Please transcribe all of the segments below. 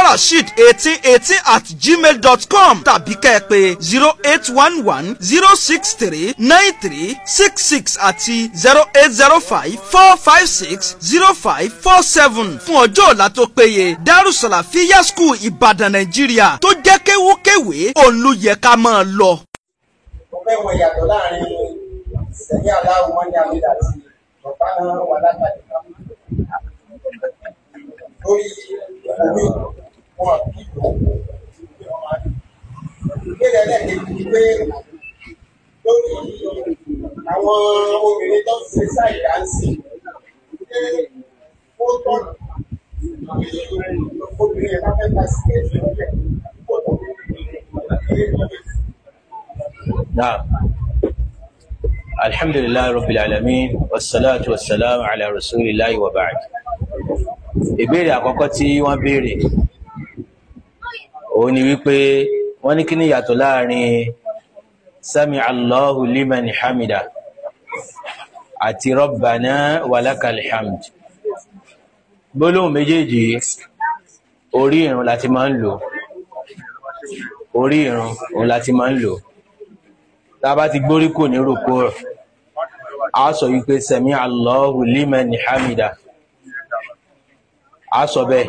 farasheed eighteen eighteen at gmail dot com tàbí kẹ́ẹ̀pè zero eight one one zero six three nine three six six àti zero eight zero five four five six zero five four seven fún ọjọ́ ọ̀la tó péye darussalafiya school ìbàdàn nàìjíríà tó jẹ́ kéwúkéwé òun ló yẹ ká máa lọ. mo fẹ́ wọ ìyàtọ̀ láàrin sẹ̀yìn aláwọ̀ wọn ní àmì àti bàbá náà wà látàdé lórí omi wọn àbí ìlú ìgbéra lẹ́ẹ̀kejì ni pé lórí àwọn obìnrin tó ń ṣe sáì dáńsì pé ó tọ̀nà àwọn obìnrin yẹn bá fẹ́ ta sí ẹ̀jẹ̀ ọ̀lẹ̀ púpọ̀ tó ń bẹ̀rẹ̀ náà. الحمد لله رب العالمين والصلاة والسلام على رسول الله وبعد ìbéèrè àkọ́kọ́ tí wọ́n béèrè òun ni wípé wọ́n ní kí ni yàtọ̀ láàrin sami allahu liman hamida àti rabbana walakal hamd gbólóhùn méjèèjì orí ìrun láti máa ń lò orí ìrun òun láti máa ń lò tá ti gbórí kò ní rúkú a sọ wípé sami allahu liman hamida a sọ bẹ́ẹ̀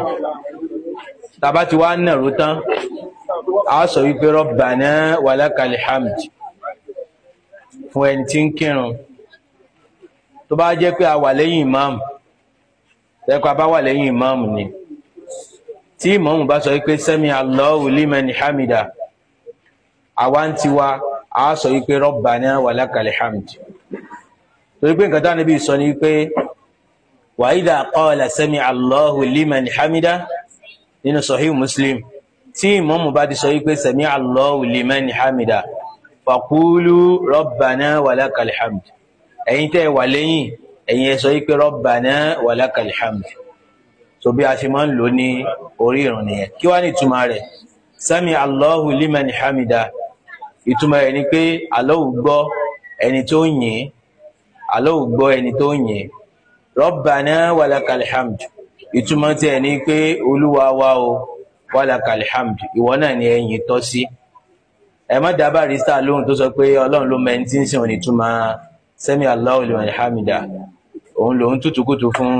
tàbá ti wá nàró tán a sọ wípé Rabbana walakal hamd fún ẹni tí ń kírun tó bá jẹ́ pé a wà lẹ́yìn ìmáàmù lẹ́kọ̀ọ́ a bá wà lẹ́yìn ìmáàmù ni tí ìmáàmù bá sọ wípé sami Allahu liman hamida àwa ń tiwa a sọ wípé Rabbana walakal hamd torí pé nǹkan táwọn níbi sọ ni wípé wa idha qala sami Allahu liman hamida nínú sahih muslim tí ìmọ̀mù bá ti sọ wípé sami Allahu liman hamida faqulu rabbana walakal hamd ẹ̀yin tẹ́ ẹ wà lẹ́yìn ẹ̀yin ẹ sọ wípé rabbana walakal hamd tó bí a ṣe máa ń lò ní orí ìrun nìyẹn kí wá ní ìtumọ̀ rẹ̀ sami Allahu liman hamida ìtumọ̀ rẹ̀ ni pé Allahu gbọ́ ẹni tó yìn Allahu gbọ́ ẹni tó yìn rabbana walakal hamd ìtumọ̀ tí ẹ̀ ní pé olúwa wa o wàlàkàlì hamdi ìwọ náà ni ẹ̀yìn tọ́ sí ẹ má dá barista lóhùn tó sọ pé ọlọ́run ló mẹ́ tí ń sìn òní túmọ̀ sẹ́mi Allahu liman hamida òun lòun tútùkùtù fún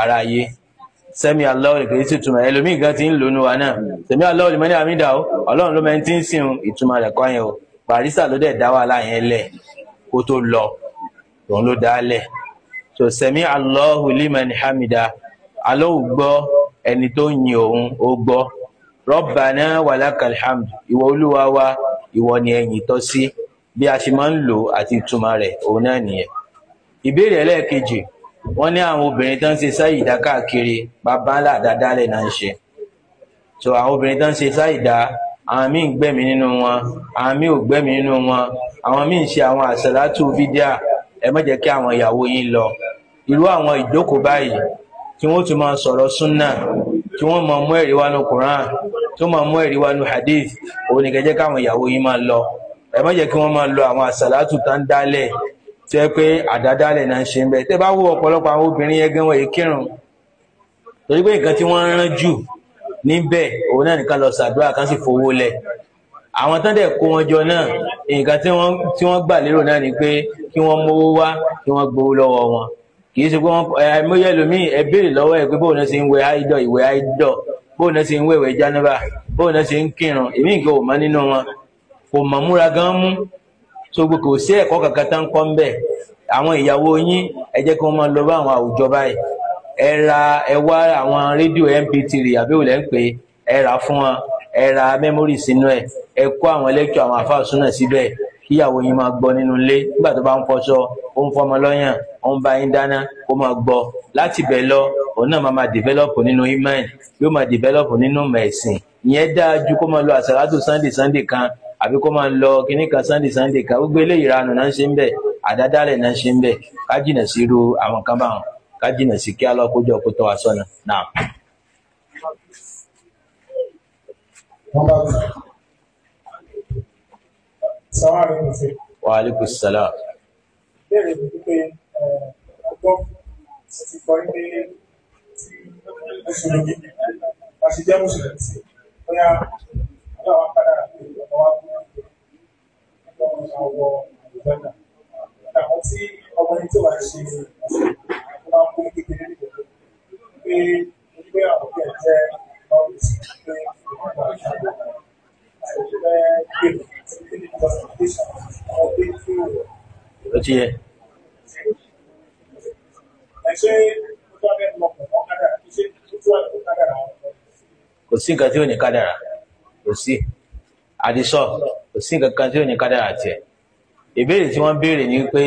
ara ayé sẹ́mi Allahu kìí sì túmọ̀ ẹlòmíì gan ti ń lónú wa náà sẹ́mi Allahu liman hamida o ọlọ́run ló mẹ́ tí ń sìn ìtumọ̀ rẹ̀ kọ́ yẹn o barista ló dẹ̀ dá wàhálà yẹn lẹ̀ kó tó lọ òun ló dá lẹ̀ so sẹ́mi Allahu liman hamida alọ́ ò gbọ́ ẹni tó ń yin òun ó gbọ́ Rabbana walakal hamd ìwọ olúwa wa ìwọ ni ẹ̀yìn tọ́ sí bí a ṣe máa ń lò àti ìtumọ̀ rẹ̀ òun náà nìyẹn. ìbéèrè ẹlẹ́ẹ̀kejì wọ́n ní àwọn obìnrin tó ń ṣe sáyìdá káàkiri bàbá ńlá àdádálẹ̀ náà ń ṣe so àwọn obìnrin tó ń ṣe sáyìdá àwọn míì ń gbẹ̀mí nínú wọn àwọn míì ò gbẹ̀mí nínú wọn àwọn míì ń ṣe àwọn àṣàlátù fídíà ẹ má kí àwọn ìyàwó yín lọ irú àwọn ìjókòó báyìí tí wọ́n ti máa sọ̀rọ̀ súnà tí wọ́n máa mú ẹ̀rí wá Quran tí wọ́n máa mú ẹ̀rí wá hadith òun ni kẹjẹ́ káwọn ìyàwó yín máa lọ ẹ má jẹ́ kí wọ́n máa lọ àwọn àsàlátù tá ń dálẹ̀ tẹ́ pé àdádálẹ̀ náà ń ṣe ń bẹ tẹ́ bá wo ọ̀pọ̀lọpọ̀ àwọn obìnrin yẹn gan wọ̀nyí kírun torí pé nǹkan tí wọ́n ń rán jù níbẹ̀ òun náà nìkan lọ sàdúrà kan sì fowó lẹ̀ àwọn tán dẹ̀ kó wọn jọ náà nǹkan tí wọ́n gbà lérò náà ni pé kí wọ́n mówó wá kí wọ́n gbowó lọ́wọ́ wọn kì í ṣe pé wọn àìmọye ẹlòmíì ẹ béèrè lọ́wọ́ ẹ pé bóun náà ṣe ń wẹ àìdọ̀ ìwẹ̀ àìdọ̀ bóun náà ṣe ń wẹ̀wẹ̀ jánábà bóun náà ṣe ń kírun èmi nǹkan ò mọ nínú wọn kò mọ̀ múra gan mú so kò sí ẹ̀kọ́ kankan tán kọ́ ń bẹ̀ àwọn ìyàwó yín ẹ jẹ́ kí wọ́n máa lọ bá àwọn àwùjọ báyìí ẹ ra ẹ wá àwọn rédíò mp3 àbẹ́wò lẹ́ ń pè é ẹ rà fún wọn ẹ ra mẹ́mórì sínú ẹ ẹ kó àwọn ẹlẹ́kọ̀ọ́ àwọn àfáà súnà síbẹ̀ kíyàwó yín máa gbọ́ nínú ilé nígbà tó bá ń fọṣọ ó ń fọmọ lọ́yàn ó ń bá yín dáná ó máa gbọ́ láti bẹ̀ lọ òun náà máa máa dìvẹ́lọ́pù nínú imán yóò máa dìvẹ́lọ́pù nínú mẹ̀sìn ìyẹn dáa ju kó máa lọ àṣàlátù sunday sunday kan àbí kó máa lọ kíní kan sunday sunday kan gbogbo eléyìí ìranù náà ń ṣe ń bẹ̀ àdádálẹ̀ náà ṣe ń bẹ̀ ká sí irú àwọn kan báwọn ká sí kí alọ́kójọ kó tọ́ wa sọ́nà náà. Assalamu alaikum ṣe. Wa alaikum mi wípé ọgbọ́ ti kọ́ ní Mùsùlùmí a ṣe jẹ́ Mùsùlùmí sí. Bóyá ọlọ́wà padà pé ọmọ wa kú ọmọ àwọ̀ àlùbẹ́nà. Àwọn tí ọmọ ní tí wàá ṣe ọmọ wa kú ní kékeré nìkan pé onígbéyàwó ti yẹ. kò sí nǹkan tí ò ní kádàrà kò sí àdìsọ kò sí nǹkan kan tí ò ní kádàrà tiẹ̀ ìbéèrè tí wọ́n béèrè ni pé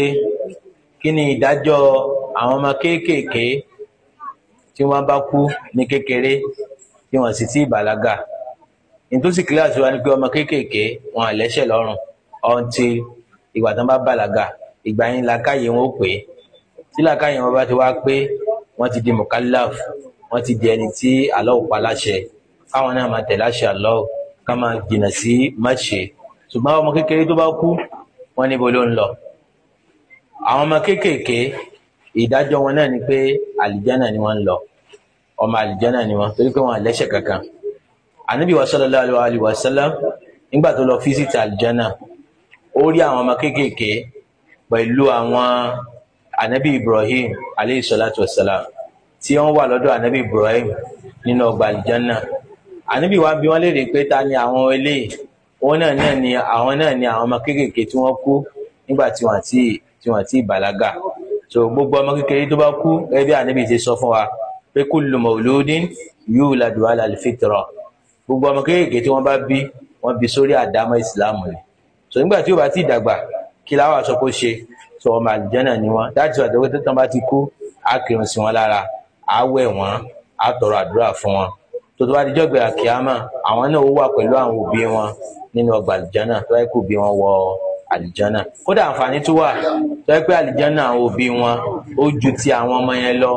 kí ni ìdájọ́ àwọn ọmọ kéékèèké tí wọ́n bá kú ní kékeré tí wọ́n sì ti bàlágà nítòsí kíláàsì wa ni pé ọmọ kéékèèké wọn àlẹ́ṣẹ̀ lọ́rùn ọ̀hún ti ìgbà tí bá bàlágà ìgbà yẹn làákàyè wọn ó pè é tí làákàyè wọn bá ti wá pé wọn ti di mukallaf wọn ti di ẹni tí Allah pa láṣẹ káwọn náà máa tẹ̀lé àṣẹ Allah ká máa jìnnà sí máṣe ṣùgbọ́n ọmọ kékeré tó bá kú wọn níbo ló ń lọ àwọn ọmọ kéékèèké ìdájọ́ wọn náà ni pé àlìjánà ni wọ́n ń lọ ọmọ àlìjánà ni wọ́n torí pé wọ́n àlẹ́ṣẹ̀ kankan ànábì wa sallallahu alaihi wa sallam nígbà tó lọ fíṣítì àlìjánà ó rí àwọn ọmọ kéékèèké pẹ̀lú àwọn anabi ibrahim aleyhi salatu wasalam tí wọ́n wà lọ́dọ̀ anabi ibrahim nínú ọgbà àlìjánná anabi wa bi wọ́n léèrè pé ta ni àwọn eléyìí wọ́n náà náà ni àwọn náà ni àwọn ọmọ kéékèèké tí wọ́n kú nígbà tí wọ́n àti tí wọ́n àti ìbàlágà so gbogbo ọmọ kékeré tó bá kú gẹ́gẹ́ bí anabi ti sọ fún wa pé kullu mauludin yuladu ala al-fitra gbogbo ọmọ kéékèèké tí wọ́n bá bí wọ́n bí sórí àdámọ́ ìsìlámù ni so nígbà tí ó bá ti dàgbà kí láwọn aṣọ kó ṣe sọ ọmọ àlùjànnà ni wọn láti sọ àtẹwé tó tán bá ti kú á kírun sí wọn lára á wẹ̀ wọ́n á tọrọ àdúrà fún wọn tó tó bá di jọ́gbẹ̀ àkíyàmà àwọn náà ó wà pẹ̀lú àwọn òbí wọn nínú ọgbà àlùjànnà tó yẹ kó bí wọn wọ àlìjánà kódà àǹfààní tó wà tó yẹ pé àlìjánà àwọn òbí wọn ó ju ti àwọn ọmọ yẹn lọ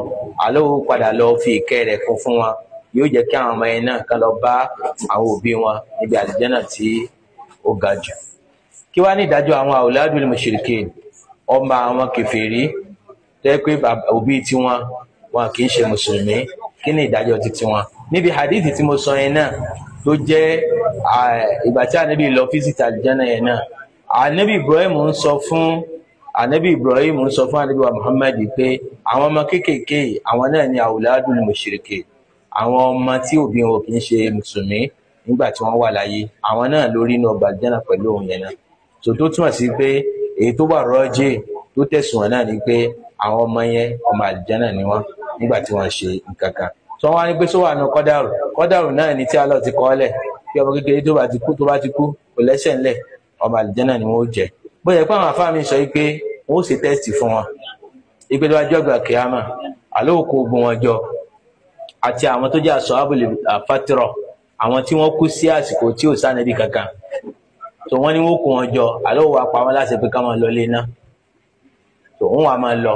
àlóhùn padà lọ fi ìkẹ́ rẹ̀ kún fún wọn yóò jẹ́ kí àwọn ọmọ yẹn náà kán lọ bá àwọn òbí wọn níbi àlìjánà tí ó ga jù kí wá ní ìdájọ́ àwọn auladul mushrikin ọmọ àwọn kèfèrí tẹ́ pé òbí tiwọn wọn kì í ṣe mùsùlùmí kí ni ìdájọ́ ti tiwọn níbi hadith tí mo sọ yẹn náà tó jẹ́ ìgbà tí ànábì lọ fíṣítà àlùjánnà yẹn náà ànábì Ibrahim ń sọ fún ànábì Ibrahim ń sọ fún ànábì wa Muhammad pé àwọn ọmọ kéékèèké àwọn náà ni auladul mushrikin àwọn ọmọ tí òbí wọn kì í ṣe mùsùlùmí nígbà tí wọ́n wà láyé àwọn náà lórí inú ọgbà àlùjánnà pẹ̀lú òun yẹn náà so tó túmọ̀ sí pé èyí tó wà rọ́ọ̀jì tó tẹ̀sùn náà ni pé àwọn ọmọ yẹn ọmọ àlìjánà ni wọ́n nígbà tí wọ́n ṣe nǹkan kan tí wọ́n wá ní pé sọ wà nù kọ́dàrú kọ́dàrú náà ni tí Allah ti kọ́ lẹ̀ bí ọmọ kékeré tó bá ti kú tó bá ti kú kò lẹ́sẹ̀ ńlẹ̀ ọmọ àlìjánà ni wọ́n jẹ bóyá pé àwọn afáàmì sọ pé wọ́n ó ṣe tẹ́sítì fún wọn ipe tó bá jọ gbà kíámà àlọ́ ogun wọn jọ àti àwọn tó jẹ́ àsọ àbúlé àfátìrọ̀ àwọn tí wọ́n kú sí àsìkò tí ò sánẹ́bí kankan tó wọ́n ní wọ́n kó wọn jọ àlọ́ wà pa wọn láti pé ká máa lọ lé náà tó wọ́n wà máa lọ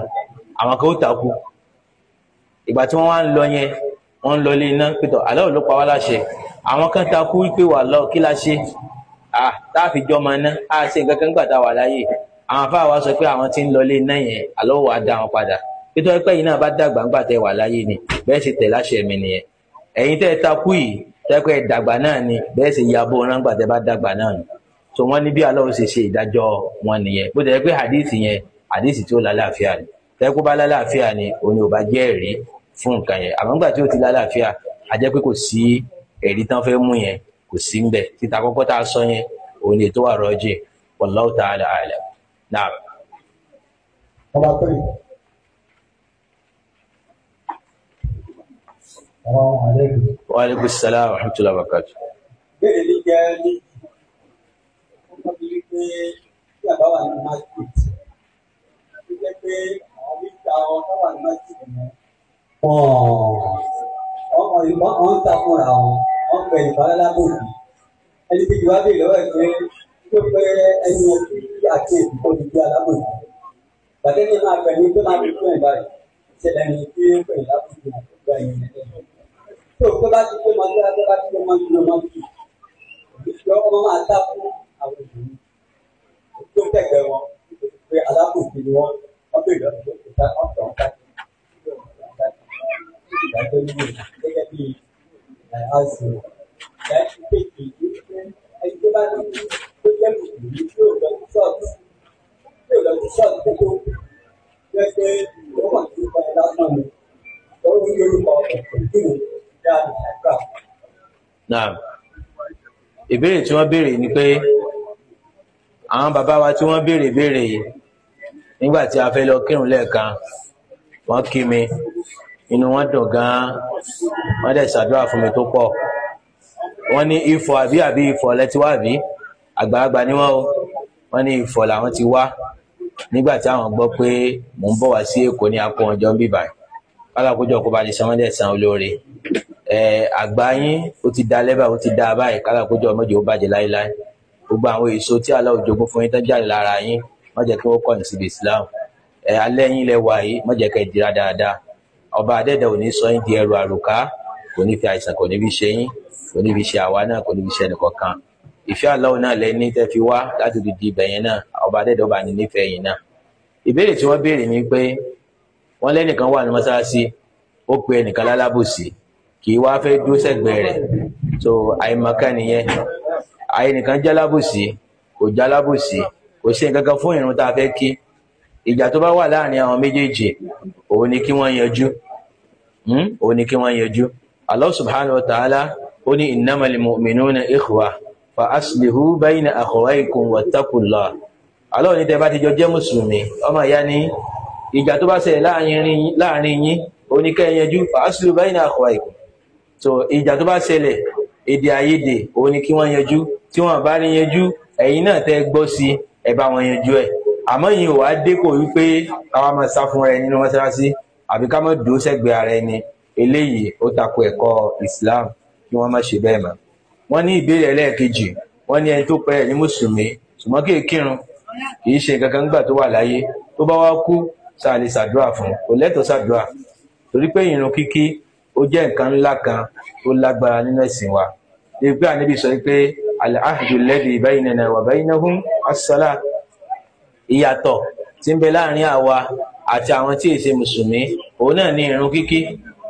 àwọn kan ó takú ìgbà tí wọ́n wá ń lọ yẹn wọ́n ń lọ lé náà pétọ́ àlọ́ ló pa wá láṣẹ àwọn kan takú wípé wà lọ kí la ṣe à tá a fi jọ máa ná a ṣe nǹkan kan gbà tá a wà láyè àwọn afá wa sọ pé àwọn tí ń lọ lé náà yẹn àlọ́ wà dá wọn padà pétọ́ ẹgbẹ́ yìí náà bá dàgbà ńgbà tẹ wà láyè ni bẹ́ẹ̀ ṣe tẹ̀ láṣẹ mi nìyẹn ẹ̀yin tẹ́ ẹ takú yìí tẹ́kọ̀ ẹ̀ dàgbà náà ni bẹ́ẹ̀ ṣe yabọ̀ ọ̀nà tẹ́ bá dàgbà náà ni so wọ́n ní bí aláwọ̀ ṣe ṣe ìdájọ́ wọn nìyẹn bó tẹ̀lé pé hadith yẹn hadith tí ó lálàáfíà ni tẹ́lẹ̀ kó bá lálàáfíà ni òun ò bá jẹ́ ẹ̀rí fún nǹkan yẹn àmọ́ nígbà tí ó ti lálàáfíà a jẹ́ pé kò sí ẹ̀rí tán fẹ́ mú yẹn kò sí ń bẹ̀ títa kọ́kọ́ tá a sọ yẹn òun ni ètò àrọ̀ ọjẹ́ wallahu ta'ala a'lam náà. ọba tó yìí Wa alaikum salaam wa rahmatullahi wa barakatuh. Bẹ́ẹ̀ni jẹ́ ní tó ti rí pé bí àbá wà ní market tó jẹ́ pé àwọn mítà wọn tó wà ní market mọ́. ọmọ ìbọn kan ń takùnra wọn wọn pẹ̀ ìbára lábòbí ẹni tí ìwà bèèrè lọ́wọ́ ẹ̀ pé tó pé ẹni ọdún àti èdè olùgbé alábòbí gbàdéjì máa pẹ̀lú pé máa fi fún ìbára ìṣẹ̀lẹ̀ ní kí ń pè lábòbí àtúgbà yìí tó kó bá ti pé mọ́tò lábẹ́ bá ti pé mọ́tò ìṣòro ọmọ máa dákú àwọn obìnrin tó tẹ̀gbẹ́ wọn pé alábòsí ni wọ́n wọ́n pè lọ́dún tó kù tá wọ́n tàn ká ìdájọ́ gẹ́gẹ́ bí àìsàn ìyá ìpèkì ẹni tó bá ní tó jẹ́ mùsùlùmí tí ò lọ sí ṣọ́ọ̀tì tí ò lọ sí ṣọ́ọ̀tì tó tó jẹ́ pé wọ́n wà ní ìpa ẹ̀dá fún mi lọ́wọ́ ní orúkọ ọ̀pọ̀ tí ò dáa ní àgbà. ìbéèrè tí wọ́n béèrè ni pé àwọn bàbá wa tí wọ́n béèrè béèrè nígbà tí a fẹ́ lọ kírun lẹ́ẹ̀kan wọ́n kí mi inú wọn dùn gan-an wọ́n dẹ̀ ṣàdúrà fún mi tó pọ̀ wọ́n ní ifọ̀ àbí àbí ifọ̀ lẹ́tí àbí àgbàlagbà ni wọ́n o wọ́n ní ifọ̀ làwọn ti wá nígbà tí àwọn gbọ́ pé mò ń bọ̀ wá sí èkó ní apò ọjọ́ bíbà kálákójọ kó ba lè san wọ́n dẹ̀ san olóore àgbáyín ó ti da lẹ́bà ó ti da báyìí kálákójọ mọ́jọ́ ó bàjẹ́ láéláé gbogbo àwọn èso tí aláwọ̀ jogún fún yín tán jáde lára yín má jẹ́ kí wọ́n kọ̀ yín síbi islam ẹ̀ alẹ́ yín lẹ wà yìí má jẹ́ kẹ́ ẹ dira dáadáa ọba adẹ́dẹ́ ò ní sọ yín di ẹrù àrùká kò ní fi àìsàn kò ní fi ṣe yín kò ní fi ṣe àwa náà kò ní fi ṣe ẹnìkọ̀ọ̀kan ìfẹ́ aláwọ̀ náà lẹ ní tẹ́ wá láti dìde ibẹ̀ yẹn náà ọba adẹ́dẹ́ ọba ní nífẹ̀ẹ́ yìí náà ìbéèrè tí wọ́n béèrè ni pé wọ́n lẹ́nìkan wà ní mọ́ṣáláṣí ó pe ẹnìkan lálábòsí kì í wá fẹ́ dúró sẹ́gbẹ̀ẹ́ rẹ̀ so àìmọ̀kan nìyẹn àyẹnìkan jálábòsí kò jálábòsí kò sí nǹkan kan fún ìrun tá a fẹ́ kí ìjà tó bá wà láàrin àwọn méjèèjì òun ni kí wọ́n yanjú hmm? òun ni kí wọ́n yanjú Allah subhanahu wa ta'ala ó ní innamal mu'minuna ikhwa fa aslihu bayna akhawaykum wattaqullah Allah ní tẹ́ bá ti jọ jẹ́ mùsùlùmí ọmọ ìyá ní ìjà tó bá ṣẹlẹ̀ láàrin yín òun ni kẹ́ yanjú fa aslihu bayna akhawaykum so ìjà tó bá ṣẹlẹ̀ èdè àìyedè òun ni kí wọ́n yanjú tí wọ́n bá rí yanjú ẹ̀yin náà tẹ́ gbọ́ sí ẹ bá wọn yanjú ẹ̀ àmọ́ yìí ò wá dépò wípé káwa máa sá fún ẹni nínú mọ́ṣáláṣí àbí ká má dúró sẹ́gbẹ̀ẹ́ ara ẹni eléyìí ó tako ẹ̀kọ́ Islam kí wọ́n má ṣe bẹ́ẹ̀ mọ́ wọ́n ní ìbéèrè ẹlẹ́ẹ̀kejì wọ́n ní ẹni tó pẹ́ ní mùsùlùmí ṣùgbọ́n kì í kírun kì í ṣe nǹkan kan nígbà tó wà láyé tó bá wá kú sáà lè ṣàdúrà fún kò lẹ́tọ̀ọ́ ṣàdúrà torí pé ìrun kíkí ó jẹ́ nǹkan ńlá kan tó lágbára nínú ẹ̀sìn wa ìgbé àníbi sọ pé al-ahdu alladhi baynana wa baynahum as-salah ìyàtọ̀ tí ń bẹ láàrin àwa àti àwọn tí èsè mùsùlùmí òun náà ní irun kíkí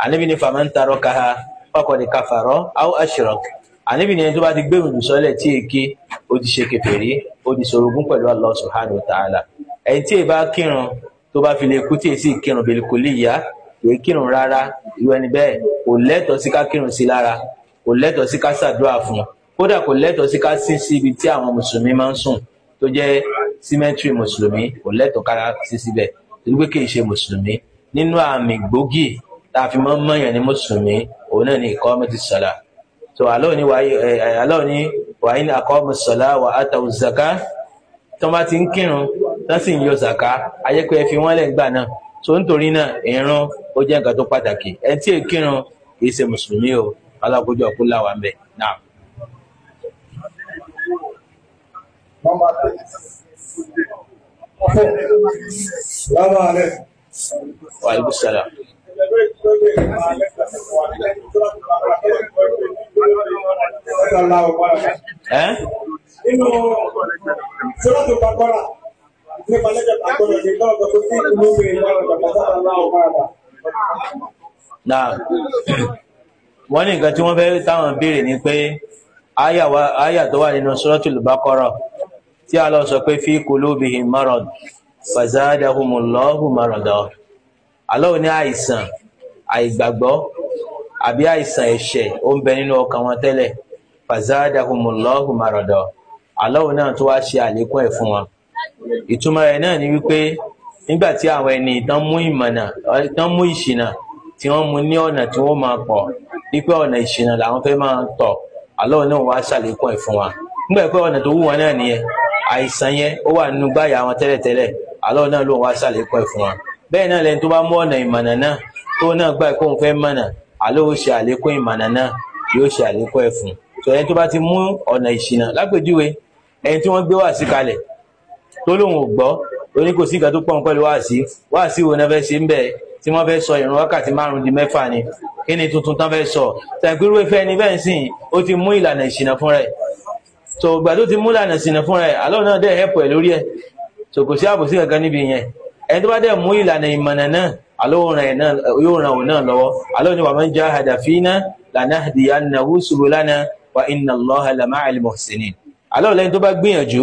àníbi ní faman tarakaha faqad kafara aw ashrak àníbi ní ẹni tó bá ti gbé ìrùn sọlẹ̀ tí èké ó ti ṣe kèfèrí ó ti ṣorogún pẹ̀lú Allah subhanahu wa ta'ala ẹni tí èbá kírun tó bá fi lè kú tí èsì kírun bil kulliyah kò í kírun rárá irú ẹni bẹ́ẹ̀ kò lẹ́tọ̀ọ́ sí ká kírun sí lára kò lẹ́tọ̀ọ́ sí ká ṣàdúrà fún kódà kò lẹ́tọ̀ọ́ sí ká sín sí ibi tí àwọn mùsùlùmí máa ń sùn tó jẹ́ símẹ́tírì mùsùlùmí kò lẹ́tọ̀ọ́ ká sí síbẹ̀ torí pé kì í ṣe mùsùlùmí nínú àmì gbòógì tá a fi máa ń ní mùsùlùmí òun náà ni ìkọ́mẹ́tì sọ̀lá so Allah ni wàá ní akọ́mù sọ̀lá wà á ta òzàká tó bá ti ń kírun tó sì ń yọ zàká ayé pé ẹ fi wọ́n lẹ̀ gbà náà so nítorí náà ìran ó jẹ́ nǹkan tó pàtàkì ẹ tí è kírun kì í ṣe mùsùlùmí o alákòójọ ọkú làwà ń bẹ náà. Wa alaikum salaam. Ẹ́. Nínú sọ́dọ̀ tó bá gbọ́ra wọ́n ní nǹkan tí wọ́n fẹ́ táwọn béèrè ni pé áyà tó wà nínú suratul Baqara tí a lọ sọ pé fi qulubihim marad fazadahumullahu marada aláwọ̀ ní àìsàn àìgbàgbọ́ àbí àìsàn ẹ̀ṣẹ̀ ó ń bẹ nínú ọkàn wọn tẹ́lẹ̀ fazadahumullahu marada aláwọ̀ náà tó wá ṣe àlékún ẹ̀ fún wọn ìtumọ̀ rẹ̀ náà ni wípé nígbà tí àwọn ẹni tán mú ìmọ̀nà tán mú ìṣìnà tí wọ́n mú ní ọ̀nà tí wọ́n máa pọ̀ wípé ọ̀nà ìṣìnà làwọn fẹ́ máa tọ̀ àlọ́ náà wá ṣàlékún ẹ̀ fún wa nígbà pé ọ̀nà tó wù wọn náà nìyẹn àìsàn yẹn ó wà nínú gbáyà wọn tẹ́lẹ̀tẹ́lẹ̀ àlọ́ náà ló wá ṣàlékún ẹ̀ fún wa bẹ́ẹ̀ náà lẹni tó bá mú ọ̀nà ìmọ̀nà náà tó náà gbà pé òun fẹ́ mọ̀nà àlọ́ ó ṣe àlékún ìmọ̀nà náà yóò ṣe àlékún ẹ̀ fún so ẹni tó bá ti mú ọ̀nà ìṣìnà lápèjúwe ẹni tí wọ́n gbé wá sí tó lóun ò gbọ́ ó ní kò sí ìgbà tó pọ̀ pẹ̀lú wáàsí wáàsí wo náà fẹ́ ṣe ń bẹ̀ tí wọ́n fẹ́ sọ ìrun wákàtí márùn-ún di mẹ́fà ni kí ni tuntun tán fẹ́ sọ tẹ̀gbírú ìfẹ́ ni bẹ́ẹ̀ sìn ó ti mú ìlànà ìṣìnà fún rẹ̀ so ìgbà tó ti mú ìlànà ìṣìnà fún rẹ̀ àlọ́ náà dẹ̀ hẹ́pọ̀ ẹ̀ lórí ẹ̀ so kò sí àbòsí kankan níbi yẹn ẹni tó bá dẹ̀ mú ìlànà ìmọ̀nà náà àlọ́ yóò ràn òun náà lọ́wọ́ àlọ́ ni wàmọ́ jahada fina lanahdiyannahu subulana wa inna Allaha lama'a al-muhsinin àlọ́ lẹ́yìn tó bá gbìyànjú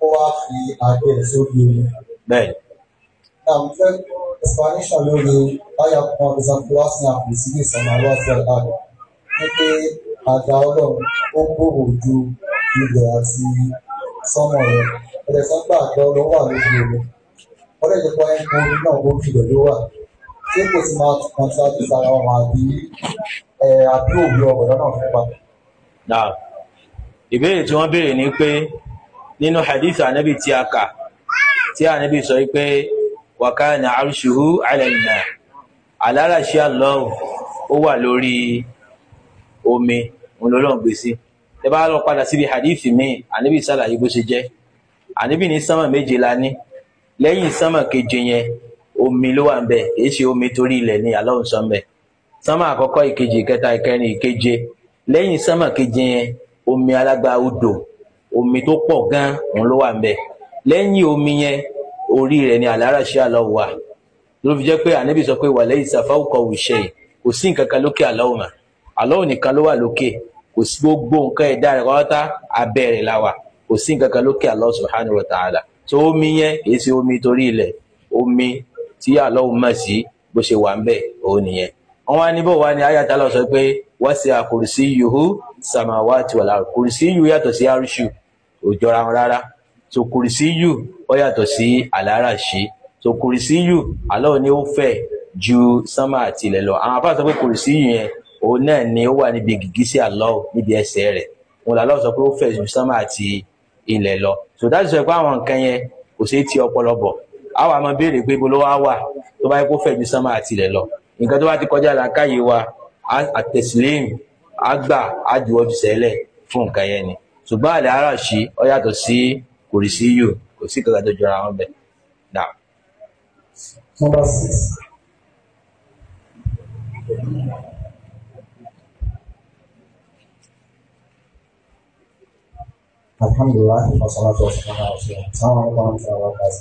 kó wá fi àgbẹ̀ sórí omi. bẹ́ẹ̀ni. na mo fẹ́ explanation lórí báyà kan ọ̀dọ́sán tó wá sí àpò ìsílẹ̀ sọ̀nà aláṣẹ àgbà ní pé àgbà ọlọ́run ó gbòòrò ju ilẹ̀ àti sọ́mọ̀ rẹ̀ ọ̀dọ̀sán gbà àgbà ọlọ́run wà lójú omi ọ̀dọ̀jọpọ̀ ẹ̀kọ́ omi náà ó kìlọ̀ ló wà ṣé kò sí máa kàn sí àti sára wọn àbí àbí òwúrọ̀ ọ̀gọ̀dọ̀ náà fún pa. ìbéèrè tí wọ́n béèrè ni pé nínú hadith anabi tí a kà tí anabi sọ pé wakana arṣuhu alẹ́nà aláràṣí Allahu ó wà lórí omi olólùwọ̀n gbèsè ẹ bá lọ padà síbi hadith mi anabi sàlàyé bó ṣe jẹ́ anabi ní sánmà méje la ní lẹ́yìn sánmà keje yẹn omi ló wà ń bẹ kì í ṣe omi torí ilẹ̀ ni Allahu sọ ń bẹ sánmà àkọ́kọ́ ìkejì ìkẹta ìkẹrin ìkeje lẹ́yìn sánmà keje yẹn omi alágbá odò omi tó pọ̀ gan òun ló wà ń bẹ̀ lẹ́yìn omi yẹn orí rẹ̀ ni àláràṣí àlọ́ wà ló fi jẹ́ pé ànábì sọ pé wàlẹ́ ìsàfáwù kọ òṣè kò sí nǹkan kan lókè àlọ́ òun àlọ́ òun nìkan ló wà lókè kò sí gbogbo nǹkan ẹ̀dá rẹ̀ pátá abẹ́ la wà kò sí nǹkan kan lókè Allah subhanahu wa ta'ala tó omi yẹn kì í ṣe omi torí ilẹ̀ omi tí Allah mọ̀ sí bó ṣe wà ń bẹ̀ òun nìyẹn wọn wá níbọ̀ wá ní ayatollah sọ pé wasi'a kursiyyuhu samawati wal ard kursiyu yàtọ̀ sí arúṣù ò jọra wọn rárá so kùrìsíyù ó yàtọ̀ sí àláràṣí so kùrìsíyù Allah ni ó fẹ̀ ju sánmà àti ilẹ̀ lọ àwọn afáàsọ pé kùrìsíyù yẹn òun náà ni ó wà níbi gìgísẹ̀ Allah níbi ẹsẹ̀ rẹ̀ wọn làlọ́ sọ pé ó fẹ̀ ju sánmà àti ilẹ̀ lọ so dájú sọ pé àwọn nǹkan yẹn kò sí ti ọpọlọ bọ̀ àwa máa béèrè pé ibo ló wà tó bá yẹ kó fẹ̀ ju sánmà àti ilẹ̀ lọ nǹkan tó bá ti kọjá làákàyè wa àtẹ̀sílẹ̀ àgbà àjùwọ́jùsẹ̀lẹ̀ ṣùgbọ́n àlẹ́ àràṣì ọ yàtọ̀ sí kùrìsíyù kò sí kankan tó jọra wọn bẹ́ẹ̀ náà. Number six. Alhamdulillah, wassalatu warahmatullahi wabarakatuh.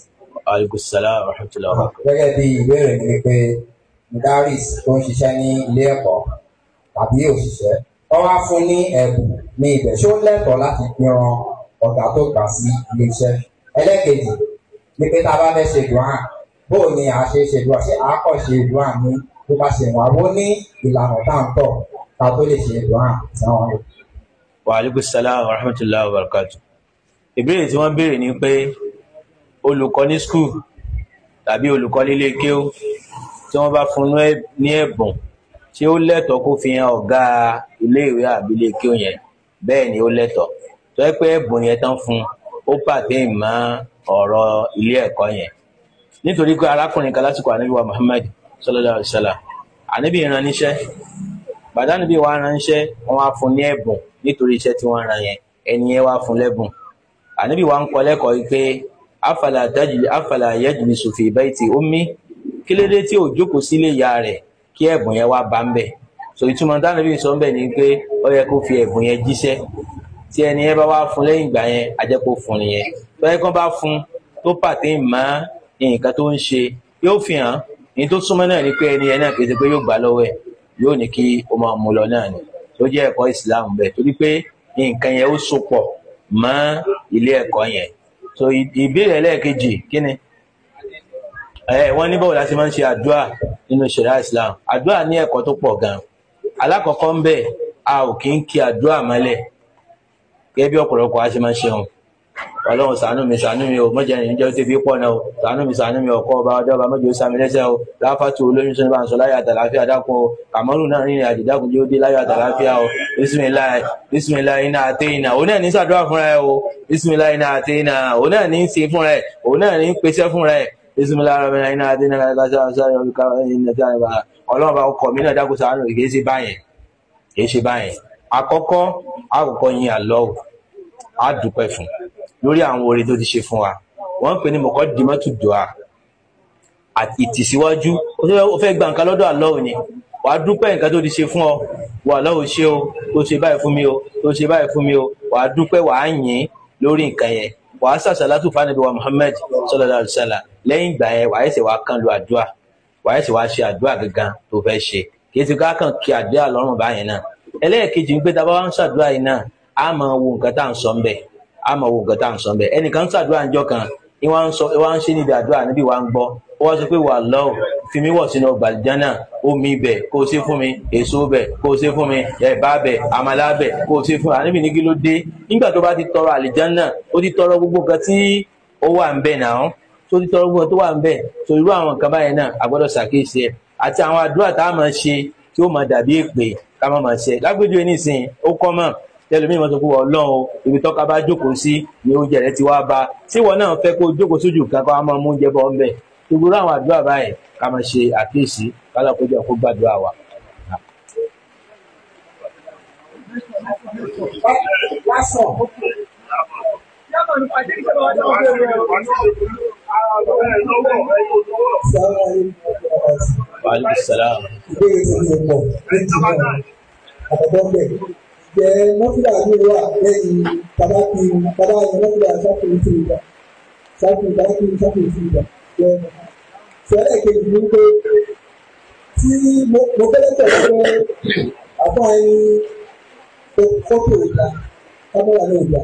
Alaikum salam warahmatullahi wabarakatuh. Gẹ́gẹ́ bí ìbéèrè mi pé Mudaris tó ń ṣiṣẹ́ ní ilé ẹ̀kọ́ tàbí òṣìṣẹ́, wọ́n wá fún ní ẹ̀bùn ní ibẹ̀ ṣó lẹ́tọ̀ọ́ láti pinran ọ̀gá tó gbà sí iléeṣẹ́ ẹlẹ́kejì ni pé tá a bá fẹ́ ṣe dùn án bóò ni a ṣe ṣe dùn án ṣé a kọ̀ ṣe dùn án ní bó bá ṣe wọn àwọn ní ìlànà tá à ń tọ̀ ká tó lè ṣe dùn án sáwọn rẹ̀. wa alaikum salaam wa rahmatullahi wa barakatuh ìbéèrè tí wọ́n béèrè ni pé olùkọ́ ní skul tàbí olùkọ́ nílé kéú tí wọ́n bá fún ní ẹ̀bùn tí ó lẹ́tọ̀ọ́ kó fi hàn ọ̀gá iléèwé àbílẹ̀ kéú yẹn bẹ́ẹ̀ ni ó lẹ́tọ̀ tó yẹ pé ẹ̀bùn yẹn tán fún ó pàdé ìmọ̀ ọ̀rọ̀ ilé ẹ̀kọ́ yẹn nítorí pé arákùnrin kan lásìkò ànábì wa Muhammad sallallahu alayhi wa sallam ànábì ìran níṣẹ́ bàdá níbi wàá ránṣẹ́ wọn wá fún ní ẹ̀bùn nítorí iṣẹ́ tí wọ́n ran yẹn ẹni yẹn wá fún lẹ́bùn ànábì wa ń kọ́ lẹ́kọ̀ọ́ yìí pé afala tajili afala yajlisu fi bayti ummi kí lédè tí ò jókòó sílé ìyá rẹ̀ kí ẹ̀bùn yẹn wá bá ń bẹ̀ so ìtumọ̀ táwọn ẹbí sọ ń bẹ̀ ni pé ó yẹ kó fi ẹ̀bùn yẹn jíṣẹ́ tí ẹni yẹn bá wá fún lẹ́yìn ìgbà yẹn àjẹpọ̀ fún nìyẹn tọ́yẹ́ kan bá fún tó pàtẹ́ mọ́ nǹkan tó ń ṣe yóò fi hàn ní tó súnmọ́ náà ni pé ẹni yẹn náà kéde pé yóò gbà lọ́wọ́ ẹ̀ yóò ní kí ó máa mú lọ náà ni tó jẹ́ ẹ̀kọ́ Islam bẹ́ẹ̀ torí pé nǹkan yẹn ó sopọ̀ mọ́ ilé ẹ̀kọ́ yẹn so ìbéèrè ẹlẹ́ẹ̀kejì kí ni wọ́n ní báwo la ṣe máa ń ṣe àdúrà nínú ìṣẹ̀dá Islam àdúrà ní ẹ̀kọ́ tó pọ̀ gan-an alákọ̀ọ́kọ́ ń bẹ a ò kí ń kí àdúrà mọ́lẹ̀ gẹ́gẹ́ bí ọ̀pọ̀lọpọ̀ a ṣe máa ń ṣeun ọlọ́run ṣàánú mi ṣàánú mi o mọ́jẹ́ ẹ̀yìn jẹ́ tẹ́bí pọ̀ náà o ṣàánú mi ṣàánú mi ọkọ ọba ọjọ́ ọba mọ́jẹ́ ó sàmì lẹ́sẹ̀ o láfàtú olóyún sọ́nà bá ń sọ láyé àtàláfíà dákun o kàmọ́rù náà rìnrìn àjò dákun jẹ́ ó dé láyé àtàláfíà o bisimilayi bisimilayi iná àti iná òun náà ní sàdúrà fúnra ẹ o bisimilayi iná àti iná òun náà ní ṣe fúnra ẹ òun náà ní pèsè fúnra ẹ bisimilayi iná àti iná ọlọ́run bá ọkọ mi náà dákun sàánù kì í ṣe báyẹn kì í ṣe báyẹn àkọ́kọ́ àkọ́kọ́ yin àlọ́wọ̀ á dúpẹ́ fún lórí àwọn oore tó ti ṣe fún wa wọ́n ń pè ní mọ̀kọ́ dìmọ́tù dùá ìtìsíwájú ó fẹ́ gba nǹkan lọ́dọ̀ àlọ́wọ̀ ni wàá dúpẹ́ nǹkan tó ti ṣe fún ọ wà lọ́wọ́ ṣe o tó ṣe báyìí fún mi o tó ṣe báyìí fún mi o wàá dúpẹ́ wàá yìn lórí nǹkan yẹn wàá sàṣàlátù fún ànábì wa Muhammad sallallahu alaihi wasallam lẹ́yìn ìgbà yẹn wàá ẹsẹ̀ wàá kàn lu àdúrà wàá sì wá ṣe àdúrà gangan tó fẹ́ ṣe kì í ti ká kàn kí àdúrà lọ́rùn báyìí náà ẹlẹ́ẹ̀kejì ń pé tá a bá wá ń ṣàdúrà yìí náà a máa wo nǹkan tá à ń sọ ńbẹ̀ a máa wo nǹkan tá à ń sọ ńbẹ̀ ẹnìkan ń ṣàdúrà ńjọ́ kan ìwà ń sọ ìwà ń ṣe níbi àdúrà níbi ìwà ń gbọ́ ó sọ pé wà lọ́ọ̀ fi mí wọ̀ sínú ọgbà omi ibẹ̀ kó o ṣe fún mi èso ibẹ̀ kó o ṣe fún mi ẹ̀bá ibẹ̀ àmàlà ibẹ̀ kó o ṣe fún mi àníbi ní kí ló dé nígbà tó bá ti tọrọ àlìjánà ó ti tọrọ gbogbo nǹkan tí ó wà ń bẹ̀ náà tó ti tọrọ gbọ́n tó wà ń bẹ̀ tó irú àwọn nǹkan báyẹn náà a gbọ́dọ̀ ṣàkíyèsí ẹ̀ àti àwọn àdúrà tá a máa ṣe tí ó máa dàbí èpè ká má máa ṣe lágbèjú ẹ nísìn ó kọ́ mọ̀ tẹlifíìmù tó kú wọ ọlọ́run ibi tọ́ka bá jókòó sí ni oúnjẹ rẹ ti wá bá síwọ náà fẹ́ kó jókòó sójú kankan a máa mú oúnjẹ bọ́ ń bẹ̀ gbogbo àwọn àdúrà báyìí ká máa ṣe àkíyèsí kálá kó gbàdúrà wa. Wàhálà sàlám. Ìbéèrè ti ní ọ̀pọ̀ ní ti náà. Àkọ́kọ́ bẹ̀. Jẹ́ nọ́fìlà ní wà lẹ́yìn bàbá kí n bàbá yẹn nọ́fìlà sákùnrin sí ìgbà. Sákùnrin bàbá kí n sákùnrin sí ìgbà. Jẹ́ sẹ́lẹ̀ kejì ní pé tí mo fẹ́lẹ́ ìgbà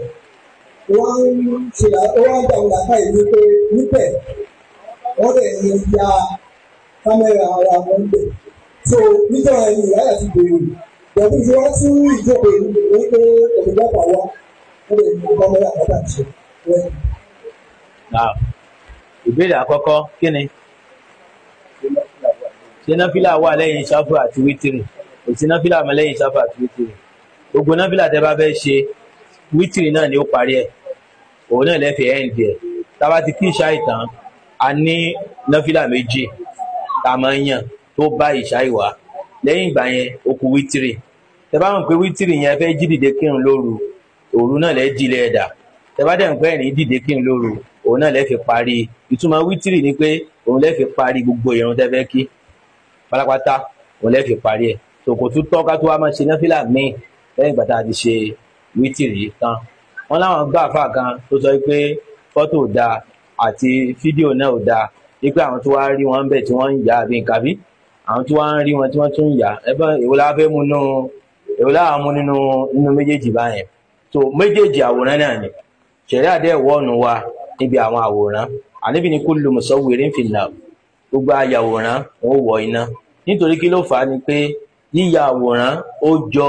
wọ́n ń ṣe wọ́n ń dàgbà báyìí wípé níbẹ̀ wọ́n lè ya kámẹ́rà ara wọn bẹ̀. so níjọ́ ẹni ìyáyà ti bèrè yàtọ̀ ìṣe wọ́n tún rí ìjókòó yìí wípé òmìnira wà wọ́n lè mú kámẹ́rà padà ṣe wẹ́n. ìbéèrè àkọ́kọ́ kí ni ṣé wà lẹ́yìn ṣáfù àti wítìrì kò sí lẹ́yìn ṣáfù àti wítìrì gbogbo náfìlà tẹ́ bá fẹ́ ṣe wítìrì náà ni ó parí ẹ̀ òun náà lẹ́fẹ̀ẹ́ ẹ̀ ń díẹ̀ tába ti kí ìṣá ìtàn a ní náfìlà méjì tá a máa ń yàn tó bá ìṣá ìwà lẹ́yìn ìgbà yẹn ó kù wítìrì tẹ bá mọ̀ pé wítìrì yẹn fẹ́ jí dìde kírun lóru òru náà lẹ́ di ilẹ̀ tẹ bá dẹ̀ ń pẹ́ ní dìde kírun lóru òun náà lẹ́ parí ìtumọ̀ wítìrì ni pé òun lẹ́ fi parí gbogbo ìrun tẹ́ fẹ́ kí pátápátá òun lẹ́ fi parí ẹ̀ tòkòtú tọ́ka tó wá máa ṣe náfìlà míì lẹ́yìn ìgbà tá a ti ṣe wítìrì tán wọ́n láwọn gbà fà kan tó sọ pé fọ́tò ò dáa àti fídíò náà ò dáa wípé àwọn tó wá rí wọn ń bẹ̀ tí wọ́n ń yà àbí nǹkan bí àwọn tó wá ń rí wọn tí wọ́n tún ń yà ẹ̀bọ́n èwo la fẹ́ mú nú èwo la mú nínú nínú méjèèjì báyẹn so méjèèjì àwòrán náà ni ṣẹ̀rí àdé ẹ̀wọ́ọ̀nù wa níbi àwọn àwòrán àníbi ni kullu musawwirin fin nar gbogbo ayàwòrán wọn wọ iná nítorí kí ló fà á ni pé yíya àwòrán ó jọ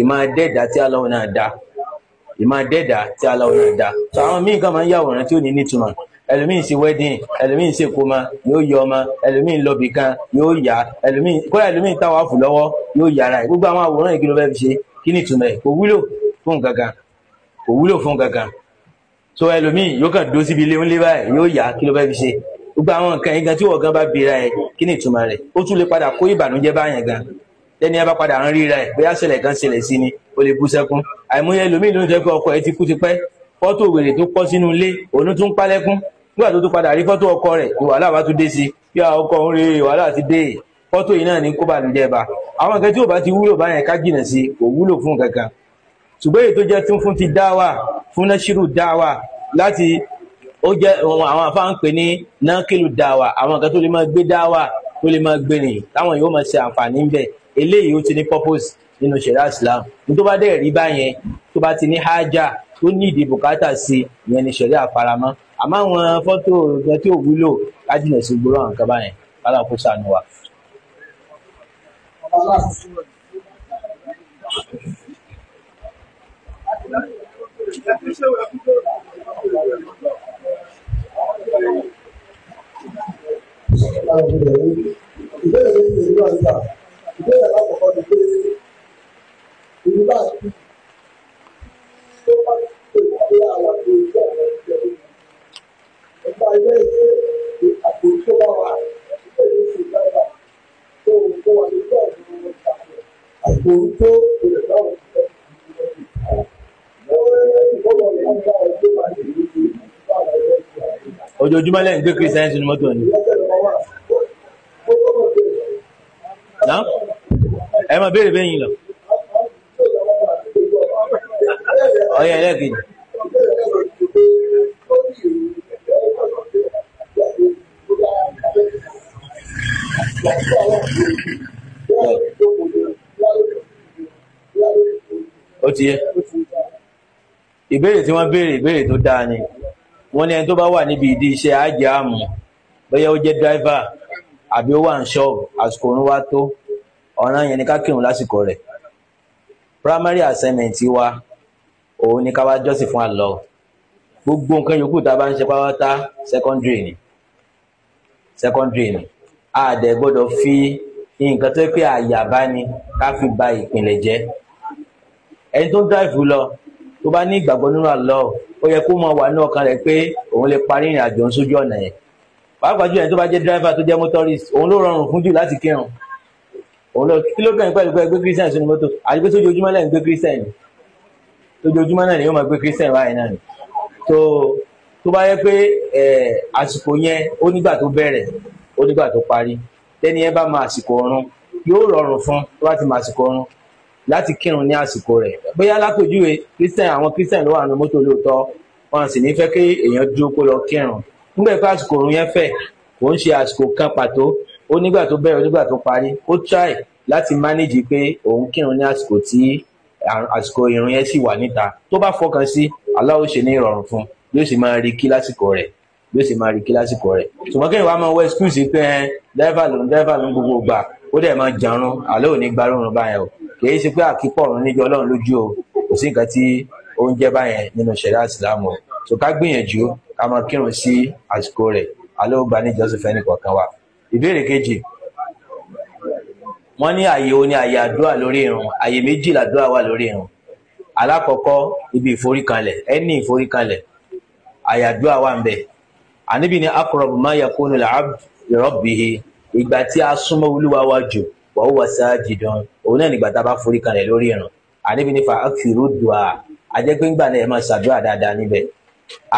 ìmọ̀ ẹ̀dẹ́ẹ̀dá tí Allah náà dá ìmọ̀dẹ́dà tí aláwọ̀ náà dá so àwọn míì kan máa ń yàwòrán tí ó ní nítumọ̀ ẹlòmíì ṣe wedding ẹlòmíì ṣe koma yóò yọ ọmọ ẹlòmíì lọbì kan yóò yá ẹlòmíì kódà ẹlòmíì táwa fù lọ́wọ́ yóò yára ẹ gbogbo àwọn àwòrán yìí kí ló fẹ́ fi ṣe kí ni ìtumọ̀ ẹ kò wúlò fún gangan kò wúlò fún gangan so ẹlòmíì yóò kàn dó síbi ilé ńlé báyìí yóò yá kí ló fẹ́ fi ṣe gbogbo àwọn nǹkan yìí gan tí wọ́n gan bá bira ẹ kí ni ìtumọ̀ rẹ ó tún lè padà kó ìbànújẹ́ báyẹn gan lẹ́ni ẹ bá padà ń ríra ẹ bóyá ṣẹlẹ̀ gan ṣẹlẹ̀ sí ni ó lè bú sẹ́kún àìmọye ẹlòmíì ló ń jẹ́ pé ọkọ ẹ̀ ti kú tipẹ́ fọ́tò wèrè tó kọ́ sínú ilé òun tún pálẹ́kún nígbà tó tún padà rí fọ́tò ọkọ rẹ̀ ìwàhálà bá tún dé sí bí ọkọ ń rí ìwàhálà ti dé fọ́tò yìí náà ní kó bá lè jẹ́ bá àwọn nǹkan tí ò bá ti wúlò báyẹn ká jìnà sí kò wúlò fún kankan ṣùgbọ́n èyí tó jẹ́ tún fún ti dáwà fún náṣírù dáwà láti ó jẹ́ àwọn àfáà ń pè ní nákìlù dáwà àwọn nǹkan tó lè máa gbé dáwà tó lè máa gbé nìyí táwọn yóò máa ṣe àǹfààní ń bẹ̀ eléyìí ó ti ní purpose nínú ṣẹ̀dá islam ní tó bá dẹ̀ rí báyẹn tó bá ti ní hájà tó ní ìdí bùkátà sí ìyẹn ní ṣẹ̀dá àfaramọ́ àmọ́ àwọn fọ́tò ọ̀gá tí ò wúlò kájìnà sí gbòòrò àwọn kan báyẹn kálá kó sànù wa. Ìbéèrè yìí ni ìlú àyíká. Ìbéèrè lákòókò ni pé ìgbà ojoojúmọ́ lẹ́yìn gbé kristian sínú mọ́tò ni ẹ máa béèrè bẹ́yìn lọ ọyẹ ẹlẹ́gẹ̀ẹ́jì. ó ti yẹ ìbéèrè tí wọ́n béèrè ìbéèrè tó dáa ni wọ́n ní ẹni tó bá wà níbi ìdí iṣẹ́ ájì àmù bóyá ó jẹ́ dráìvà àbí ó wà ń ṣọ́ọ̀bù àsìkò òun wá tó ọ̀ràn yẹn ni ká kírun lásìkò rẹ̀ primary assignment wa òun ni ká wá jọ́sìn fún Allah gbogbo nǹkan yòókù tá a bá ń ṣe pátá secondary ni secondary ni a dẹ̀ gbọ́dọ̀ fi nǹkan tó pé àyàbá ni ká fi ba ìpìlẹ̀ jẹ́ ẹni tó ń dáìfù lọ tó bá ní ìgbàgbọ́ nínú Allah ó yẹ kó mọ wà ní ọkàn rẹ̀ pé òun lè parí ìrìn àjò sójú ọ̀nà yẹn pàápàá jùlọ ẹni tó bá jẹ́ driver tó jẹ́ motorist òun ló rọrùn fún jù láti kírun òun ló kí ló gbẹ̀yìn pẹ̀lú pé gbé christian sínú mọ́tò àti pé sójoojúmọ́ lẹ́yìn gbé christian lójoojúmọ́ náà ni yóò máa gbé christian báyìí náà ni tó tó bá yẹ pé àsìkò yẹn ó nígbà tó bẹ̀rẹ̀ ó nígbà tó parí tẹ́ni yẹn bá máa àsìkò ọ̀run yóò rọrùn fún tó bá ti máa àsìkò ọ̀run láti kírun ní àsìkò rẹ̀ bóyá lápèjúwe christian àwọn christian ló wà nínú mọ́tò lóòótọ́ wọn sì ní fẹ́ kí èèyàn dúró kó lọ kírun nígbà pé àsìkò ọ̀run yẹn fẹ̀ kò ń ṣe àsìkò kan pàtó ó nígbà tó bẹ̀rẹ̀ ó nígbà tó parí ó try láti manage pé òun kírun ní àsìkò tí àsìkò irun yẹn sì wà níta tó bá fọkàn sí aláwo ṣe ní ìrọ̀rùn fún yóò sì máa rí kí lásìkò rẹ̀ yóò sì máa rí kí lásìkò rẹ̀ ṣùgbọ́n kéèyàn wá máa wọ excuse pé ẹ dẹ́fà ló ń dẹ́fà ló ń gbogbo gbà ó dẹ̀ máa jarun àlẹ́ òní gbarun báyẹn o kì í ṣe pé àkípọ̀ ọ̀run níjọ́ ọlọ́run lójú o kò sí nǹkan tí ó ń jẹ́ báyẹn nínú ṣẹ̀dá ìsìlámù o so ká gbìyànjú ká máa kírun sí àsìkò rẹ̀ alẹ́ ó gba níjọ́sìn fẹ́ni wa ìbéèrè kejì wọ́n ní àyè o ní àyè àdúrà lórí irun àyè méjì làdúrà wà lórí irun alákọ̀ọ́kọ́ ibi ìforíkanlẹ̀ ẹni ìforíkanlẹ̀ àyè àdúrà wà ń bẹ àníbi ni aqrabu ma yakunu al-abdu li rabbihi ìgbà tí a súnmọ́ olúwa wa jù wa huwa sajidun òun náà nígbà tá a bá foríkanlẹ̀ lórí irun àníbi ni fa akthiru du'a àjẹgbẹ́ngbà náà ẹ̀ máa ṣàdúrà dáadáa níbẹ̀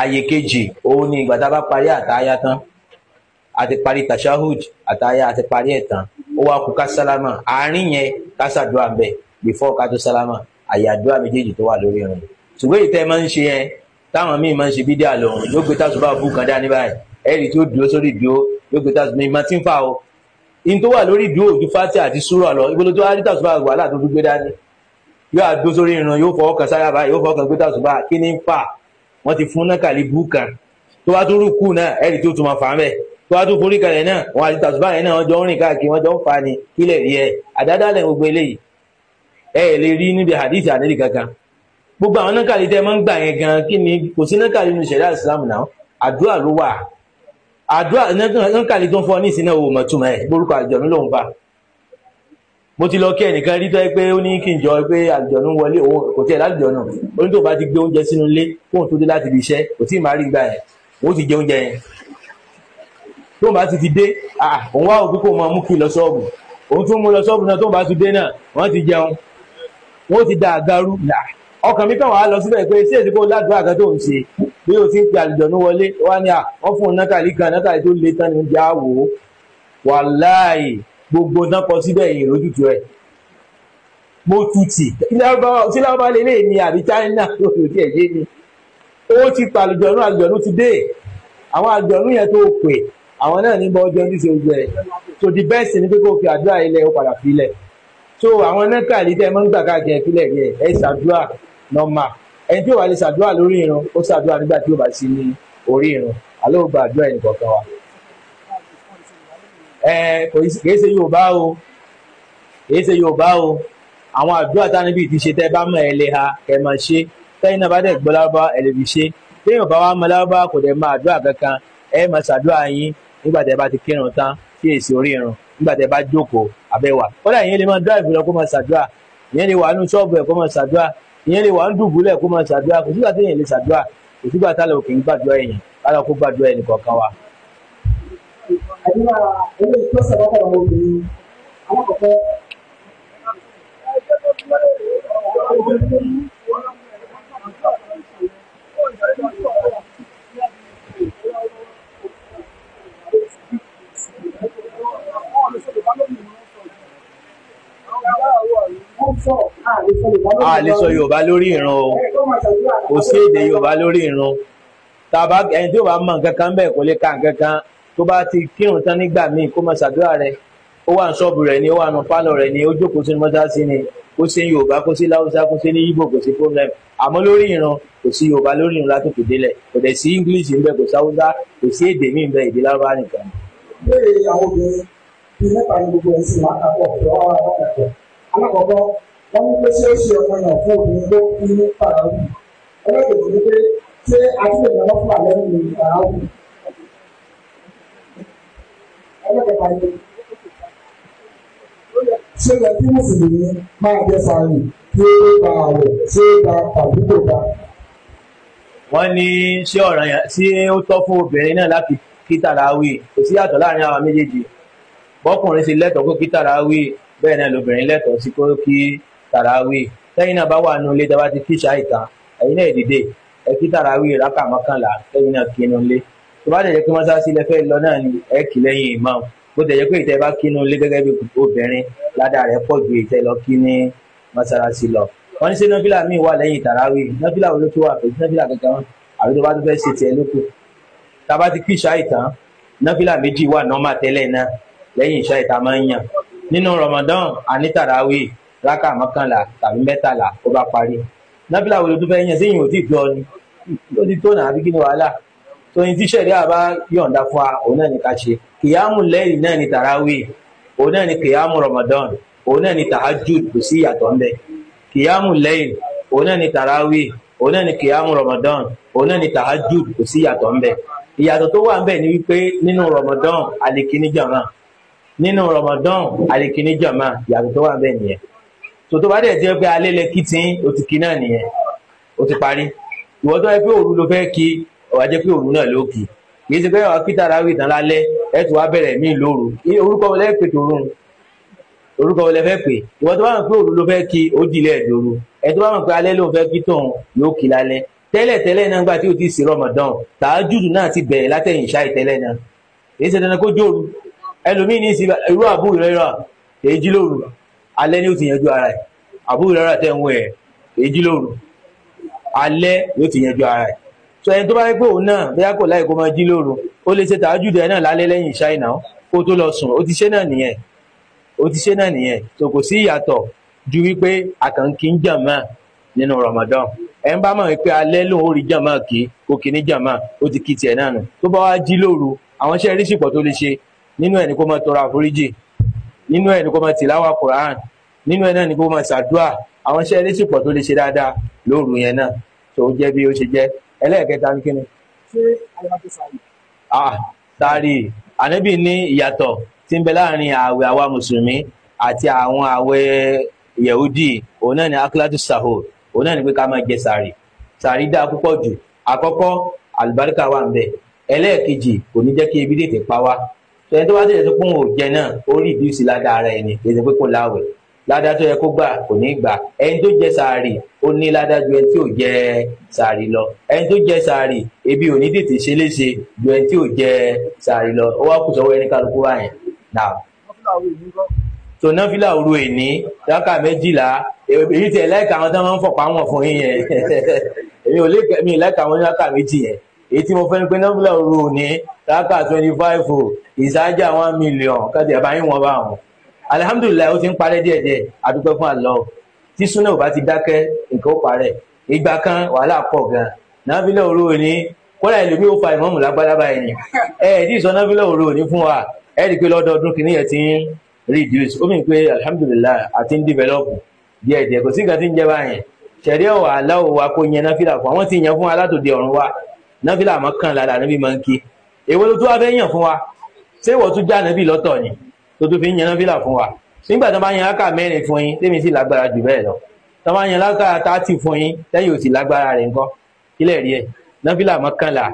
àyè kejì òun ni ìgbà tá a bá parí àtàyà tán àti parí tashahud àtàyà àti parí ẹ̀tàn ó wá kú ká sálámà àárín yẹn ká ń bẹ before ká tó sálámà àyàdúrà méjèèjì tó wà lórí rìn ṣùgbọ́n ìtẹ́ máa ń ṣe yẹn táwọn míì máa ń ṣe bídíà lòun yóò gbé tásùbà bú kan dání báyìí ẹ̀rì tí ó dúró sórí dúró yóò gbé tásùbà ìmọ̀ tí ń fà o in tó wà lórí dúró ojú fati àti súrà lọ ibo ló tó rí tásùbà wàhálà tó gbé dání yóò àdó sórí irun yóò fọwọ́ kan sára báyìí yóò fọwọ́ kan gbé tásùbà kí ni ń fà wọ́n ti fún nákàlí bú kan tó bá tó rúkú náà ẹ̀rì tó tún máa fà á mẹ́ẹ̀ tó wá tó forí kalẹ̀ náà wọn àti tàṣùbà yẹn náà wọn jọ ń rìn káàkiri wọn jọ ń fa ni kílẹ̀ rí ẹ àdádálẹ̀ gbogbo eléyìí ẹ ẹ lè rí níbi hadith àdéhì kankan gbogbo àwọn nákàlí tẹ máa ń gbà yẹn gan kí ni kò sí nákàlí nínú ìṣẹ̀dá ìsìlámù náà àdúrà ló wà àdúrà nákàlí tó ń fọ ní ìsìn náà ò mọ̀ borúkọ àjọ̀nú ló ń bá mo ti lọ kí ẹnìkan rí tọ́ pé ó ní kí n jọ pé àjọ̀nú wọlé òun kò tiẹ̀ lálùjọ̀nù onítòun bá ti gbé oúnjẹ sínú ilé kóun tó dé láti ibi iṣẹ́ kò tí ì má rí gbà yẹn òun ti jẹ oúnjẹ yẹn tó ń bá ti fi dé òun wá òkú kó máa mú kí lọ ṣọ́ọ̀bù òun tún mú lọ ṣọ́ọ̀bù náà tó ń bá ti dé náà wọ́n ti jẹun wọ́n ti da àgarú ọkàn mi kàn wá lọ síbẹ̀ pé sí èdè kó ládùúgbò àgbà tó ń ṣe bí o ti ń pe àlùjọ̀nú wọlé wá ní à wọ́n fún un nákàlí kan nákàlí tó le tán ní oúnjẹ àwò wàláì gbogbo náà kọ síbẹ̀ yìí lójútu rẹ̀ mo tutì sí lábá lélẹ̀ ni àbí China lóṣù ni ó ti pa àlùjọ̀nú àlùjọ̀nú ti dé àwọn àlùjọ̀nú yẹn tó pè àwọn náà ní bọ́ ọjọ́ ojúṣe ojú ẹ̀ so the best ni pé kó fi àdúrà ilẹ̀ ó padà filẹ̀ so àwọn nẹ́kà àlítẹ́ máa ń gbà káàkiri ìpínlẹ̀ rẹ̀ ẹ̀ ṣàdúrà nọ́mà ẹni tí ò bá lè ṣàdúrà lórí irun ó ṣàdúrà nígbà tí ò bá sí ní orí irun àlọ́ gba àdúrà ẹnì kọ̀ọ̀kan wa. ẹ kò kìí ṣe Yorùbá o kìí ṣe Yorùbá o àwọn àdúrà tánibí ti ṣe tẹ bá mọ ẹ lè ha ẹ máa ṣe tẹyin náà bá dẹ̀ gbọ́ lárúbá ẹ lè fi ṣe téèyàn bá wà mọ lárúbá kò nígbà tẹ́ bá ti kírun tán tí èsì orí irun nígbà tẹ́ bá jókòó abẹ́wà kódà ìyẹn lè máa dráìfù lọ kó máa ṣàdúrà ìyẹn lè wà nù ṣọ́ọ̀bù ẹ̀ kó máa ṣàdúrà ìyẹn lè wà ń dùbúlẹ̀ kó máa ṣàdúrà kò sígbà téèyàn lè ṣàdúrà kò sígbà tálẹ̀ òkè ń gbàdúrà èèyàn kálọ̀ kó gbàdúrà ẹnì kọ̀ọ̀kan wa. àdúrà ilé ìtọ́sẹ̀ a lè sọ yorùbá lórí ìran o kò sí èdè yorùbá lórí ìran tàbá ẹni tí ò bá mọ nǹkan kan bẹ́ẹ̀ kò lè ka nǹkan kan tó bá ti kírun tán nígbà míì kó máa ṣàdúrà rẹ̀ ó wà ní ṣọ́ọ̀bù rẹ̀ ni ó wà ní pálọ̀ rẹ̀ ni ó jókòó sínú mọ́tàsí ni kó sí yorùbá kó sí láwùsá kó sí ní ibo kò sí problem àmọ́ lórí ìran kò sí yorùbá lórí ìran látòkè délẹ̀ kò dẹ̀ sí english ńbẹ kò sáwùsá kò sí èdè míì ńbẹ èdè nìkan. bẹ́ẹ̀ ni àwọn obìnrin kí mẹ́ta ní gbogbo ẹ̀sìn máa kà pọ̀ lọ́wọ́ àwọn àbákàtọ̀. alákọ̀ọ́kọ́ wọ́n ní pé ṣé ó ṣe ọmọ yàn fún obìnrin tó kú ní pàrọ̀wù ẹlẹ́kẹ̀ẹ́ ní pé ṣé àtúnyẹ̀ lọ́wọ́ fún àlẹ́ ní pàrọ̀wù ẹlẹ́kẹ̀ẹ́ta ní ṣé yẹ kí mùsùlùmí máa jẹ sàárì kí ó bá àwẹ̀ ṣé bá tàbí kò bá. wọ́n ní ṣé ọ̀ràn tí ó tọ́ fún obìnrin náà láti kí tàràwì kò sí yàtọ̀ láàrin àwọn méjèèjì bọ́kùnrin sì lẹ́tọ̀ọ́ kó kí tàràwì bẹ́ẹ̀ náà lóbìnrin lẹ́tọ̀ọ́ sí kó kí tàràwì tẹ́yìn náà bá wà nínú ilé tẹ́wá ti kí ṣáì tán ẹ̀yin náà dìde ẹ kí tàràwì rákà mọ́kànlá tẹ́yìn náà kí inú ilé tó bá dẹ̀ jẹ́ pé mọ́sáàsì lẹ́fẹ́ lọ náà ni ẹ kì lẹ́yìn imam bó tẹ̀ jẹ́ pé ìtẹ́ bá kí inú ilé gẹ́gẹ́ bí obìnrin ládàá rẹ̀ pọ̀ ju ìtẹ́ lọ kí ní mọ́sáàsì lọ wọ́n ní ṣé nọ́fìlà míì wà lẹ́yìn tàràwì nọ́fìlà wo ló tún wà pẹ̀lú nọ́fìlà kankan àbí tó bá tún fẹ́ ṣe tiẹ̀ lóko tá a bá ti kí ìtàn nọ́fìlà méjì wà nọ́mà tẹ́lẹ̀ náà lẹ́yìn iṣẹ́ ìta máa ń yàn nínú Ramadan anítàràwì rákà mọ́kànlá tàbí mẹ́tàlá ó bá parí nábìlà wo ló tún fẹ́ yàn sí ìyìn ò tí ì gbọ́ ni ó ti tó nàá bí kí ni wàhálà tó ní tíṣẹ̀rí àbá yọ̀ǹda fún wa òun náà ní ká ṣe kìyàmù lẹ́yìn náà ní tàràwì òun náà ní kìyàmù Ramadan òun náà ní tahajjud kò sí ìyàtọ̀ ń bẹ kìyàmù lẹ́yìn òun náà ní tàràwì òun náà ní kìyàmù Ramadan òun náà ní tahajjud kò sí ìyàtọ̀ ń ìyàtọ̀ tó wà ń ni wípé nínú Ramadan àlèkíní jàmáà nínú Ramadan àlekìní jọ̀mọ́ yàtọ̀ tó wà bẹ́ẹ̀ nìyẹn tòtò bá dẹ̀ jẹ́ pé alẹ́ lẹ kí tí o ti kí náà nìyẹn o ti parí ìwọ tó yẹ pé òru ló fẹ́ kí ọ̀wá jẹ́ pé òru náà ló kì kì í ṣe pé wàá kí tàràwì tán lálẹ́ ẹ̀ tó wá bẹ̀rẹ̀ míì lóru orúkọ wọlé pè tòru orúkọ wọlé fẹ́ pè ìwọ tó bá mọ̀ pé òru ló fẹ́ kí ó dilẹ̀ dòru ẹ̀ tó bá mọ̀ pé alẹ́ ló fẹ́ kí tóun yóò kí lálẹ́ tẹ́lẹ̀ tẹ́lẹ̀ náà gbà tí o ti ṣe Ramadan tàájùdù náà ti bẹ̀rẹ̀ látẹ̀yìn ṣáì tẹ́lẹ̀ náà èyí ṣe dandan kó jóoru ẹlòmí ní ìsìn irú àbú ìrẹ́ra èjì lóru alẹ́ ní ó ti yanjú ara ẹ̀ àbú ìrẹ́ra tẹ̀ ń wọ ẹ̀ èjì lóru alẹ́ ló ti yanjú ara ẹ̀ tó ẹni tó bá rí pé òun náà bóyá kò láì kó máa jí lóru ó lè ṣe tàájùdẹ náà lálẹ́ lẹ́yìn ṣáínà kó tó lọ sùn ó ti ṣe náà nìyẹn ó ti ṣe náà nìyẹn tó kò sí ìyàtọ̀ ju wípé àkànkí ń jàn máa nínú Ramadan ẹ ń bá mọ̀ pé alẹ́ lòun ó rí jàmá kí kò kì ní jàmá ó ti kí tiẹ̀ náà nù tó bá wá jí lóru àwọn iṣẹ́ ríṣìpọ̀ tó lè ṣe nínú ẹ̀ ní kó máa tọrọ àforíjì nínú ẹ̀ ní kó máa tìláwà Quran nínú ẹ̀ náà ní kó máa ṣàdúà àwọn iṣẹ́ eré sì pọ̀ tó lè ṣe dáadáa lóru yẹn náà tó jẹ́ bí ó ṣe jẹ́ ẹlẹ́ẹ̀kẹta ní kíni. ṣé àyàfi sàárì. ah sàárì ànábì ní ìyàtọ̀ tí ń bẹ láàrin ààwẹ̀ àwa mùsùlùmí àti àwọn ààwẹ̀ yahudi òun náà ni akilatu saho òun náà ni pé ká máa jẹ sàárì sàárì dáa púpọ̀ jù àkọ́kọ́ àlùbáríkà wà ń bẹ ẹlẹ́ẹ̀kejì kò ní jẹ́ kí ebi tètè pa wá tẹ̀yìn tó bá tẹ̀yìn tó kún òjẹ náà ó rí ìdíwùsí ládàá ara ẹni kì í ṣe pé kó láwẹ̀ ládàá tó yẹ kó gbà kò ní gbà ẹni tó jẹ sàárì ó ní ládàá ju ẹni tí ò jẹ sàárì lọ ẹni tó jẹ sàárì ebi ò ní tètè ṣe léṣe ju ẹni tí ò jẹ sàárì lọ ó wá kù sọ́wọ́ ẹni kálukú báyẹn náà tòná fílà òru èní rákà méjìlá èyí tẹ̀ láìka àwọn tó máa ń fọ̀pá wọn fún yín yẹn èmi ò láìka èyí mo fẹ́ ni pé nọ́mbìlà òru òní káàkà twenty five o ìsájà one million káàdì àbáyé wọn bá wọn alihamudulilayi ó ti ń parẹ́ díẹ̀díẹ̀ adúpẹ́ fún àlọ́ tí súnà ò bá ti dákẹ́ nǹkan ó parẹ́ ìgbà kan wàhálà pọ̀ gan nọ́mbìlà òru òní kọ́lá ẹlòmí ó fa ìmọ̀mù lágbálábá ẹ̀yìn ẹ̀ẹ́dì ìsọ nọ́mbìlà òru òní fún wa ẹ̀ẹ́dì pé lọ́dọọdún kìnìyàn ti ń reduce ó mìíràn pé alihamudulilayi àti ń develop díẹ̀díẹ̀ kò sí nǹkan tí ń jẹ́ wa kò yẹn náfìlà fún àwọn tí yẹn fún náfìlà mọ́kànlá lànàbí máa ń kí èwo ló tún wá fẹ́ yàn fún wa ṣé ìwọ tún já nàbí lọ́tọ̀ ni tó tún fi ń yan náfìlà fún wa nígbà tó bá yan áká mẹ́rin fún yín tèmi sì lágbára jù bẹ́ẹ̀ lọ tó bá yan lágbára tààtì fún yín lẹ́yìn òsì lágbára rẹ̀ ńkọ́ ilẹ̀ rí ẹ̀ náfìlà mọ́kànlá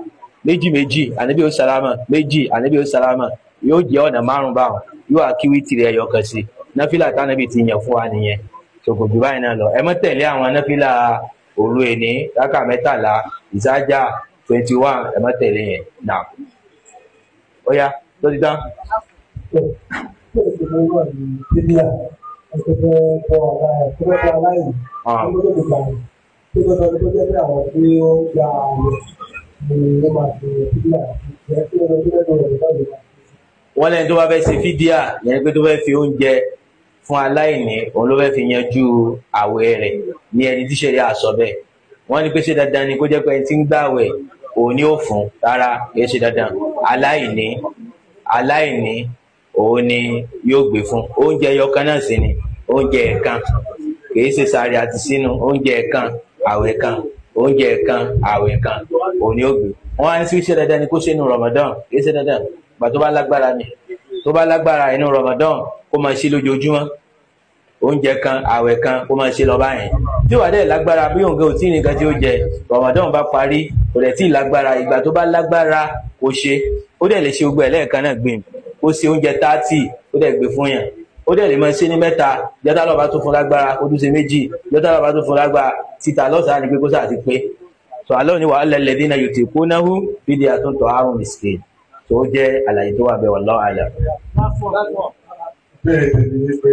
méjì méjì ànábì ó sálámà méjì ànábì ó sálámà yóò jẹ́ ọ̀nà márùn báwọn yóò àkíwí tirẹ̀ twenty one ẹ má tẹ̀lé yẹn náà ó yá tó ti tán. Ah. wọ́n lẹ́yìn tó bá fẹ́ ṣe fídíà yẹn pé tó fẹ́ fi oúnjẹ fún aláìní òun ló fẹ́ fi yanjú àwẹ̀ rẹ̀ ní ẹni tíṣẹ̀lẹ̀ àsọ bẹ́ẹ̀ wọ́n ní pé ṣé dandan ni kó jẹ́ pé ẹni tí ń gbàwẹ̀ òun ni ó fún rárá kìí ṣe dandan aláìní aláìní òun ni yóò gbé fún oúnjẹ yọkan náà sì ni oúnjẹ ẹ̀kan kìí ṣe sáré àti sínú oúnjẹ ẹ̀kan àwẹ̀ kan oúnjẹ ẹ̀kan àwẹ̀ kan òun ni ó gbé wọn á ní sí ṣe dandan ni kó ṣe inú Ramadan kìí ṣe dandan gbà tó bá lágbára ni tó bá lágbára inú Ramadan kó máa ṣe lójoojúmọ́ oúnjẹ kan àwẹ̀ kan kó máa ṣe lọ báyẹn tí wàá dẹ̀ lágbára bí òun gan ò tí ì nìkan tí ó jẹ Ramadan bá parí kò dẹ̀ tí ì lágbára ìgbà tó bá lágbára kò ṣe ó dẹ̀ lè ṣe gbogbo ẹ̀ lẹ́ẹ̀kan náà gbìn ó ṣe oúnjẹ táàtì ó dẹ̀ gbé fún yàn ó dẹ̀ lè máa ṣe ní mẹ́ta jọ́tà lọ́ba tó fún lágbára ó tún ṣe méjì jọ́tà lọ́ba tó fún lágbára títà lọ́sàn-án ni pé kó sáà ti pé so alọ́ ni wàhálà lẹ́dínà yóò ti kú náà fídíà tó ń tọ́ àrùn mìsíkìn tó jẹ́ àlàyé tó wà bẹ́ẹ̀ wà lọ́ọ́ àyà. bẹ́ẹ̀ ni wípé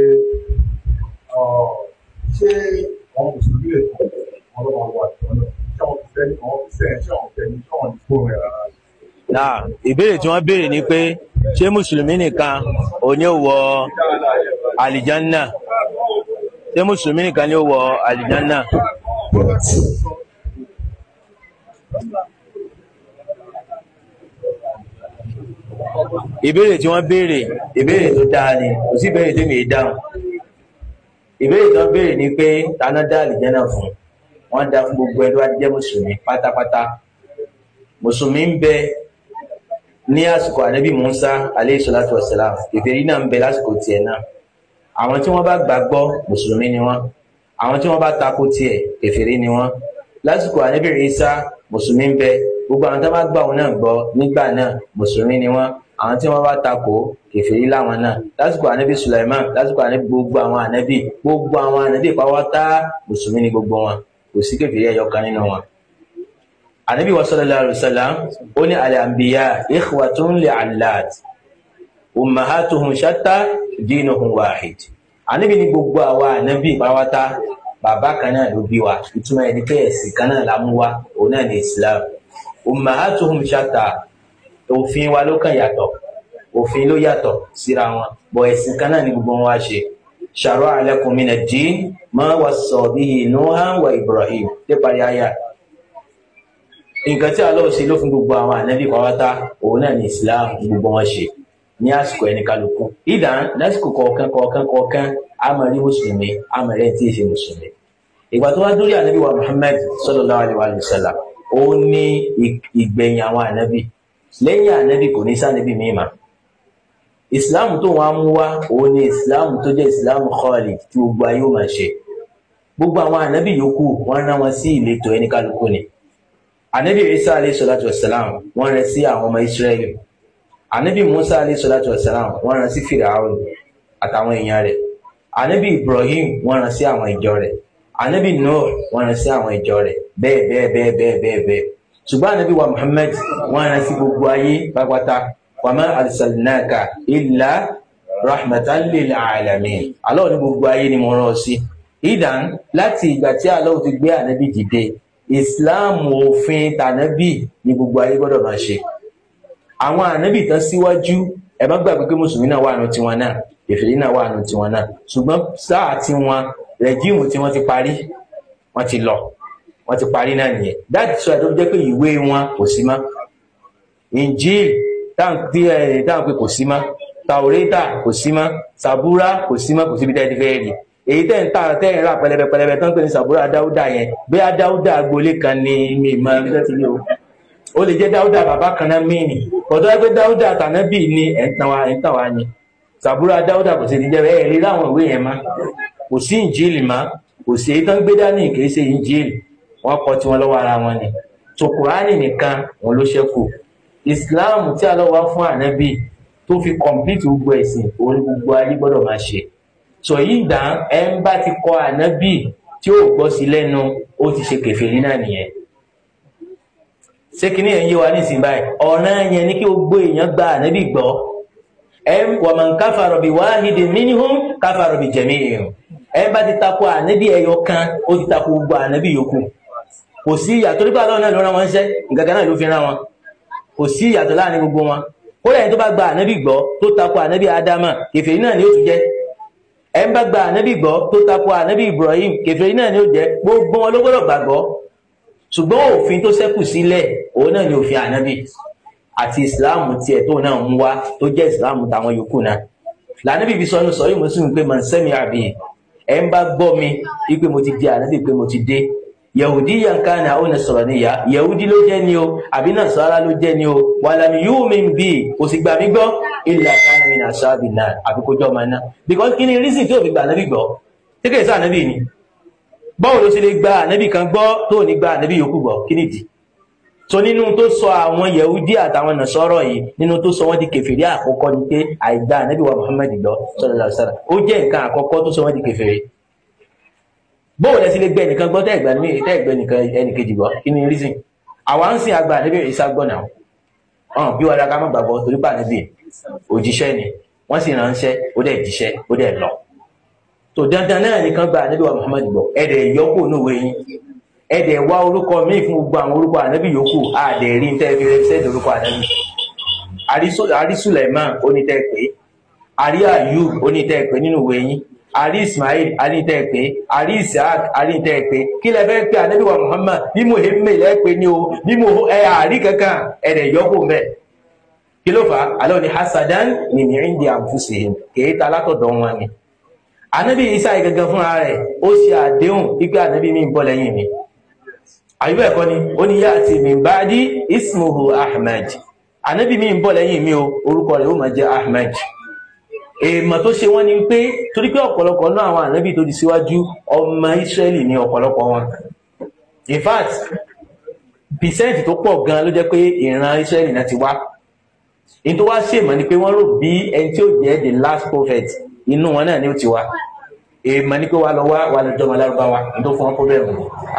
ṣé àwọn mùsùlùmí lè kọ́ ọ̀rọ̀ àwọn àjọ náà ṣé àwọn kìfẹ́ ní àwọn kìfẹ́ ṣé àwọn kìfẹ́ ní ṣé àwọn ìfowó rẹ̀ rárá. náà ìbéèrè tí wọ́n béèrè ni pé ṣé mùsùlùmí nìkan ò ní wọ àlìjánná ṣé mùsùlùmí nìkan ní wọ àlìjánná. ìbéèrè tí wọ́n béèrè ìbéèrè tó dáa ni kò sí ìbéèrè tí mi ì dáhùn ìbéèrè tó ń béèrè ni pé tàná dá àlìjẹ́nà fún wọ́n dá fún gbogbo ẹni wá jẹ́ mùsùlùmí pátápátá mùsùlùmí ń bẹ ní àsìkò ànábì Musa aleyhi salatu wasalam ìfèrí náà ń bẹ lásìkò tiẹ̀ náà àwọn tí wọ́n bá gbàgbọ́ mùsùlùmí ni wọ́n àwọn tí wọ́n bá tako tiẹ̀ kèfèrí ni wọ́n lásìkò ànábì Ìsá mùsùlùmí ń bẹ gbogbo àwọn tó bá gbà wọn náà gbọ́ nígbà náà mùsùlùmí ni wọ́n àwọn tí wọ́n bá tako kèfèrí láwọn náà lásìkò ànábì Sulaiman lásìkò ànábì gbogbo àwọn ànábì gbogbo àwọn ànábì pàwọ́tá mùsùlùmí ni gbogbo wọn kò sí kèfèrí ẹyọ kan nínú wọn. ànábì wa sallallahu alaihi wasallam ó ní al-anbiya ikhwatun li'allat ummahatuhum shatta dinuhum wahid ànábì ni gbogbo àwọn ànábì pàwọ́tá bàbá kan náà ló bí wa ìtumọ̀ ẹni pé ẹ̀sìn kan náà la mú wa òun náà ní Islam ummahatuhum shatta òfin wa ló kàn yàtọ̀ òfin ló yàtọ̀ síra wọn bọ̀ ẹ̀sìn kan náà ni gbogbo wọn wá ṣe shara'a lakum mina ad-din ma wassa bihi Nuhan wa Ibrahim nípa yáyà nǹkan tí Allah ṣe ló fún gbogbo àwọn ànábì pàwátá òun náà ní Islam gbogbo wọn ṣe ní àsìkò ẹni kálukú ìdán lásìkò kọ̀ọ̀kan kọ̀ọ̀kan kọ̀ọ̀kan amọ̀rí mùsùlùmí amọ̀rẹ́ tí ì mùsùlùmí ìgbà tó wá dórí ànábì wa Muhammad sallallahu alaihi wa sallam òun ní ìgbẹ̀yìn àwọn ànábì lẹ́yìn ànábì kò ní sànábì mímọ́ ìsìláàmù tó wọn á mú wá òun ni ìsìláàmù tó jẹ́ ìsìláàmù khalid tí gbogbo ayé ó máa ṣe gbogbo àwọn ànábì yòókù wọ́n rán wọn sí ìletò ẹni kálukú ni ànábì isa alayhi salatu wasalam wọ́n rán sí àwọn ọmọ israẹli ànábì musa alayhi salatu wasalam wọ́n rán sí firaun àtàwọn èèyàn rẹ̀ ànábì ibrahim wọ́n rán sí àwọn ìjọ rẹ̀ ànábì nuh wọ́n rán sí àwọn ìjọ rẹ̀ bẹ́ẹ̀ bẹ́ẹ̀ bẹ́ẹ̀ bẹ́ẹ̀ bẹ́ẹ̀ ṣùgbọ́n ànábì wa muhammad wọ́n rán sí gbogbo ayé pátápátá wàmà àdìsàlìnàkà ìlà rahmatan lil alamin aláwọ ní gbogbo ayé ni mo rán ọ sí ìdán láti ìgbà tí aláwọ ti gbé ànábì dìde islam òfin tànábì ni gbogbo ayé gbọ́dọ̀ máa ṣe àwọn ànábì tán síwájú ẹ má gbàgbé pé mùsùlùmí náà wà nù tiwọn náà èfèlé náà wà nù tiwọn náà ṣùgbọ́n sáà tiwọn rẹjíìmù tí wọ́n ti parí wọ́n ti lọ wọ́n ti parí náà nìyẹn dáàtì sọ àdókòjẹ pé ìwé wọn kò sí mọ́ injil tí ẹ dáhùn pé kò sí mọ́ tàwórẹ́tà kò sí mọ́ sàbúrà kò sí mọ́ kò síbi tẹ́ ti fẹ́ rí èyí tẹ́ ń ta tẹ́ ń pẹlẹbẹ pẹlẹbẹ tán pé ní sàbúrà dáúdà yẹn bí a dáúdà agboolé kan ni mi mọ́ ẹgbẹ́ ti ní o ó lè jẹ́ dáúdà bàbá kan náà mí ni ọ̀dọ́ ẹgbẹ́ dáúdà tànábì ni ẹ̀ ń tàn wá ẹ̀ ni sabura dáúdà kò sí ti jẹ́ ẹ̀ rí láwọn ìwé yẹn mọ́ kò sí ìnjíìlì mọ́ kò sí èyí tán gbé dání kì í ṣe ìnjíìlì wọ́n kọ tiwọn lọ́wọ́ ara wọn ni tòkùránì nìkan òun ló ṣẹ́kù islam tí a lọ wá fún ànábì tó fi kọ̀mpìtì gbogbo ẹ̀sìn òun gbogbo ayé gbọ́dọ̀ máa ṣe sọ yìí dà ẹ ń bá ti kọ ànábì tí ó gbọ́ sí lẹ́nu ó ti ṣe kèfèrí náà nìyẹn ṣé kí ni ẹ̀ ń yé wa nísìnyí báyìí ọ̀nà yẹn ni kí gbogbo èèyàn gba ànábì gbọ́ ẹ wà máa ń káfàrọ̀ bí wáhídì mínihùn káfàrọ̀ bí jẹ̀mí ìhùn ẹ bá ti takò ànábì ẹyọ kan ó ti takò gbogbo ànábì yòókù kò sí ìyàtọ̀ nípa lọ́nà ló rán wọn ṣẹ́ nǹkan kan náà ló fi rán wọn kò sí ìyàtọ̀ láàrin gbogbo wọn kódà ẹni tó bá gba ànábì gbọ́ tó takò ànábì ádámà kèfèrí náà ni ó tún jẹ́ ẹni bá gba ànábì gbọ́ tó takò ànábì ibrahim kèfèrí náà ni ó jẹ́ gbogbo wọn ló gbọ́dọ̀ gbàgbọ́ ṣùgbọ́n òfin tó ṣẹ́kù sílẹ̀ òun náà ni òfin ànábì àti ìsìláàmù tiẹ̀ tó náà ń wá tó jẹ́ ìsìláàmù táwọn yòókù náà lànàbì fi sọnù sọ yìí mo sì ń pè mọ̀ ń sẹ́mi àbí ẹ̀ bá gbọ́ mi ipe mo ti di ànábì pé mo ti dé yahudi yankan àwọn nasaraniya yahudi ló jẹ́ ni o àbí nasara ló jẹ́ ni o wàlámi yóò mi bì kò sì gbà mí gbọ́ ilẹ̀ akáni nasabi náà àbí kó jọ́ máa ná because kí ni reason tí ò fi gbà nábì gbọ́ tí sá nábì ni báwo ló ṣe lè gba ànábì kan gbọ́ tó ní gba ànábì yòókù gbọ́ kí nìdí so nínú tó sọ àwọn yahudi àtàwọn nasọrọ yìí nínú tó sọ wọn di kèfèrí àkọ́kọ́ ni pé àìgbà ànábì wa muhammed gbọ́ sallallahu alaihi ó jẹ́ nǹkan àkọ́kọ́ tó sọ wọn di kèfèrí bóun lẹ sí lè gbẹ nìkan gbọ́ tẹ́ ìgbà mí tẹ́ ìgbẹ́ nìkan ẹnìkejì gbọ́ kí ni reason àwa ń sìn àgbà níbi ìsá gbọ́ náà ọ̀hún bí wọn dáká má gbàgbọ́ torí pà níbi òjíṣẹ́ ni wọ́n sì ránṣẹ́ ó dẹ̀ jíṣẹ́ ó dẹ̀ lọ. tó dandan náà nìkan gbà níbi wa Muhammad gbọ́ ẹ̀dẹ̀ yọkù níwò yín ẹ̀dẹ̀ wá orúkọ míì fún gbogbo àwọn orúkọ ànábì yòókù àdẹ̀ rí ní tẹ́ẹ̀ fi rẹ́pẹ́sẹ̀dì orúkọ ànábì àrí Sulaiman ó ní tẹ́ẹ̀ pé àrí Ayub ó pé nínú ìwé yín àrí ismail àrí tẹ́ ẹ pé àrí isaac àrí tẹ́ ẹ kí lẹ fẹ́ pé anabi wa muhammad ni mo hemme lẹ́ pé ní o ní mo ẹ àrí kankan ẹ̀rẹ̀ yọkù mbẹ́ kí ló fà á alẹ́ òní hasadan ní ní indi anfusihim kèé ta látọ̀dọ̀ wọn ni anabi isa yìí gangan fúnra rẹ̀ ó ṣe àdéhùn wípé anabi mi ń bọ̀ lẹ́yìn mi àyùbẹ̀ ẹ̀kọ́ ni ó ní yáàtì min ba'di ismuhu ahmed anabi mi ń bọ̀ lẹ́yìn mi o orúkọ rẹ̀ ó máa jẹ́ ahmed èèmọ̀ tó ṣe wọ́n ni pé torí pé ọ̀pọ̀lọpọ̀ náà àwọn ànábì tó di síwájú ọmọ Ísírẹ́lì ni ọ̀pọ̀lọpọ̀ wọn in fact percent tó pọ̀ gan ló jẹ́ pé ìran Ísírẹ́lì náà ti wá in tó wá ṣèmọ̀ ni pé wọ́n rò bí ẹni tí ó jẹ́ the last prophet inú wọn náà ni ó ti wá èèmọ̀ ni pé wà lọ wá wà lọ jọmọ lárúbáwá tó fún wọn problem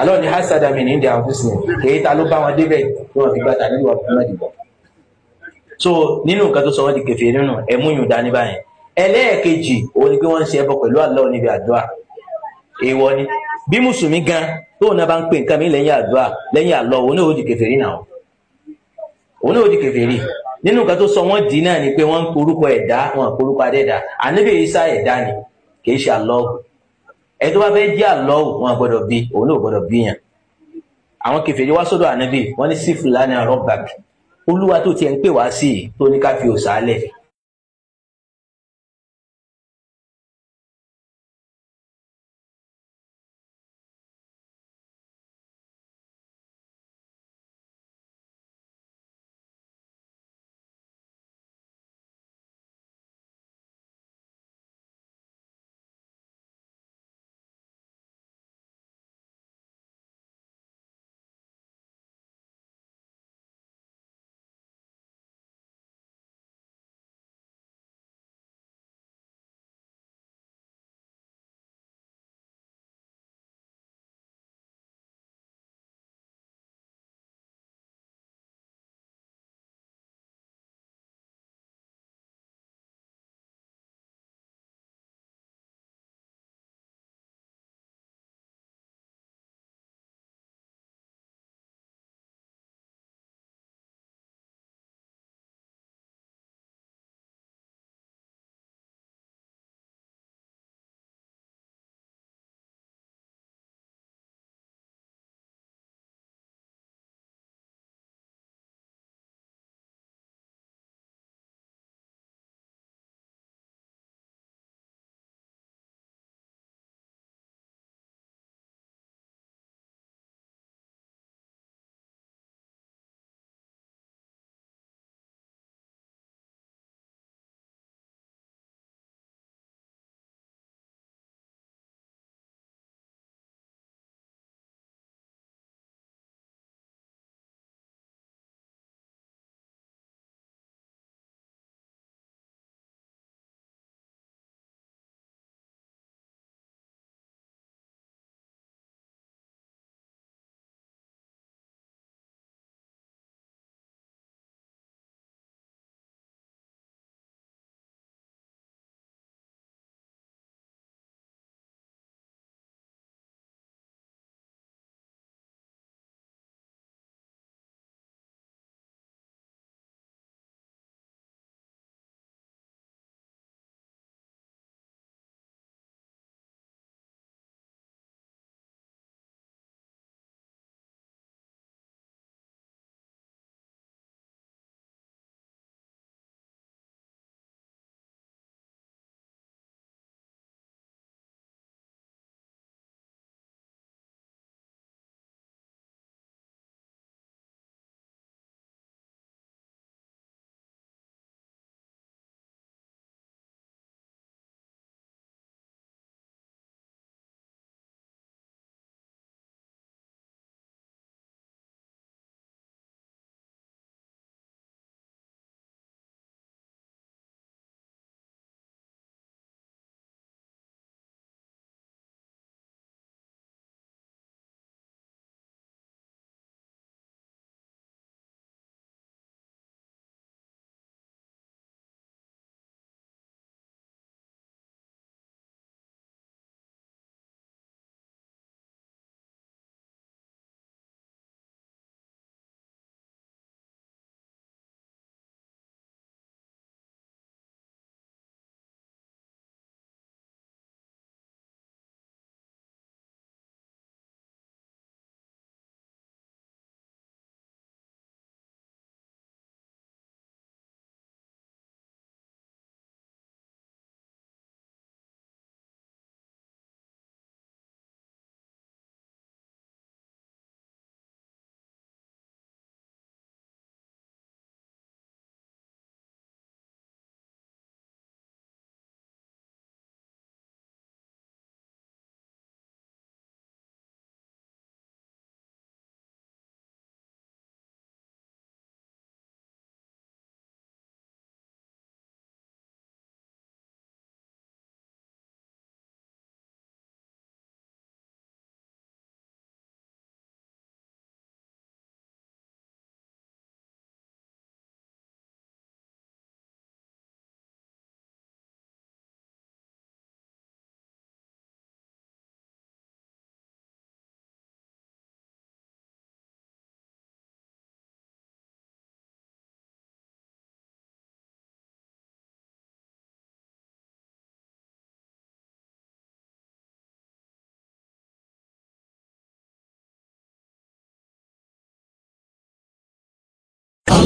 alọ́ ni hasada mi ní india àfúsì èyí ta ló bá wọn débẹ̀ tí wọ́n fi gbà nínú ọ̀pọ̀lọpọ̀ so nínú nǹkan tó sọ wọ́n di kẹfẹ́ nínú ẹ̀mú yùn dání báyìí ẹlẹ́ẹ̀kejì òun ni pé wọ́n ń ṣe ẹbọ pẹ̀lú Allah níbi àdúrà èèwọ̀ ni bí mùsùlùmí gan tóun náà bá ń pè nǹkan mi lẹ́yìn àdúrà lẹ́yìn Allah òun náà ó di kèfèrí náà òun náà ó di kèfèrí nínú nǹkan tó sọ wọ́n dì náà ni pé wọ́n ń korúkọ ẹ̀dá wọn korúkọ adẹ́dá ànábì Ìsá ẹ̀dá ni kì í ṣe Allah ẹ tó bá fẹ́ jẹ́ Allah wọn gbọ́dọ̀ bí òun náà gbọ́dọ̀ bí yàn àwọn kèfèrí wá sọ́dọ̀ ànábì wọ́n ní sífù lánàá rọ́bàkì olúwa tó tiẹ̀ ń pè wá sí i tó ní ká fi òòsà lẹ̀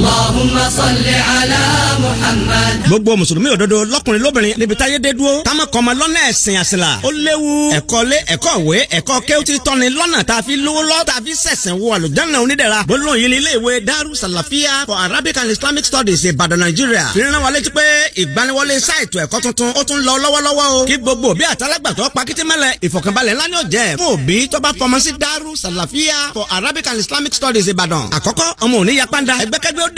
Allahumma salli ala Muhammad. gbogbo mùsùlùmí òdodo lọ́kùnrin lóbìnrin níbi táyé dé dúró táwọn kan ma lọ́nà ẹ̀sìn àṣìlá ó léwu ẹ̀kọ́ lé ẹ̀kọ́ ìwé ẹ̀kọ́ kéwútì tọ́ni lọ́nà tá a fi lówó lọ́ tá a fi sẹ̀sẹ̀ wọ àlùjáná onídẹ̀ra gbólóhùn yìí ní ilé ìwé Daru Salafia for Arabic and Islamic Studies Ìbàdàn Nàìjíríà fìrìnà wọlé ti pé ìgbaniwọlé sáìtù ẹ̀kọ́ tuntun ó tún lọ lọ́wọ́lọ́wọ́ o kí gbogbo bí àtàlágbàtọ́ pakitimẹ́lẹ̀ ìfọ̀kànbalẹ̀ ńlá ni ó jẹ́ fún òbí tó bá fọmọ sí Daru Salafia for Arabic and Islamic Studies Ìbàdàn àkọ́kọ́ ọmọ òní yapanda ẹgbẹ́kẹ́gbẹ́ ó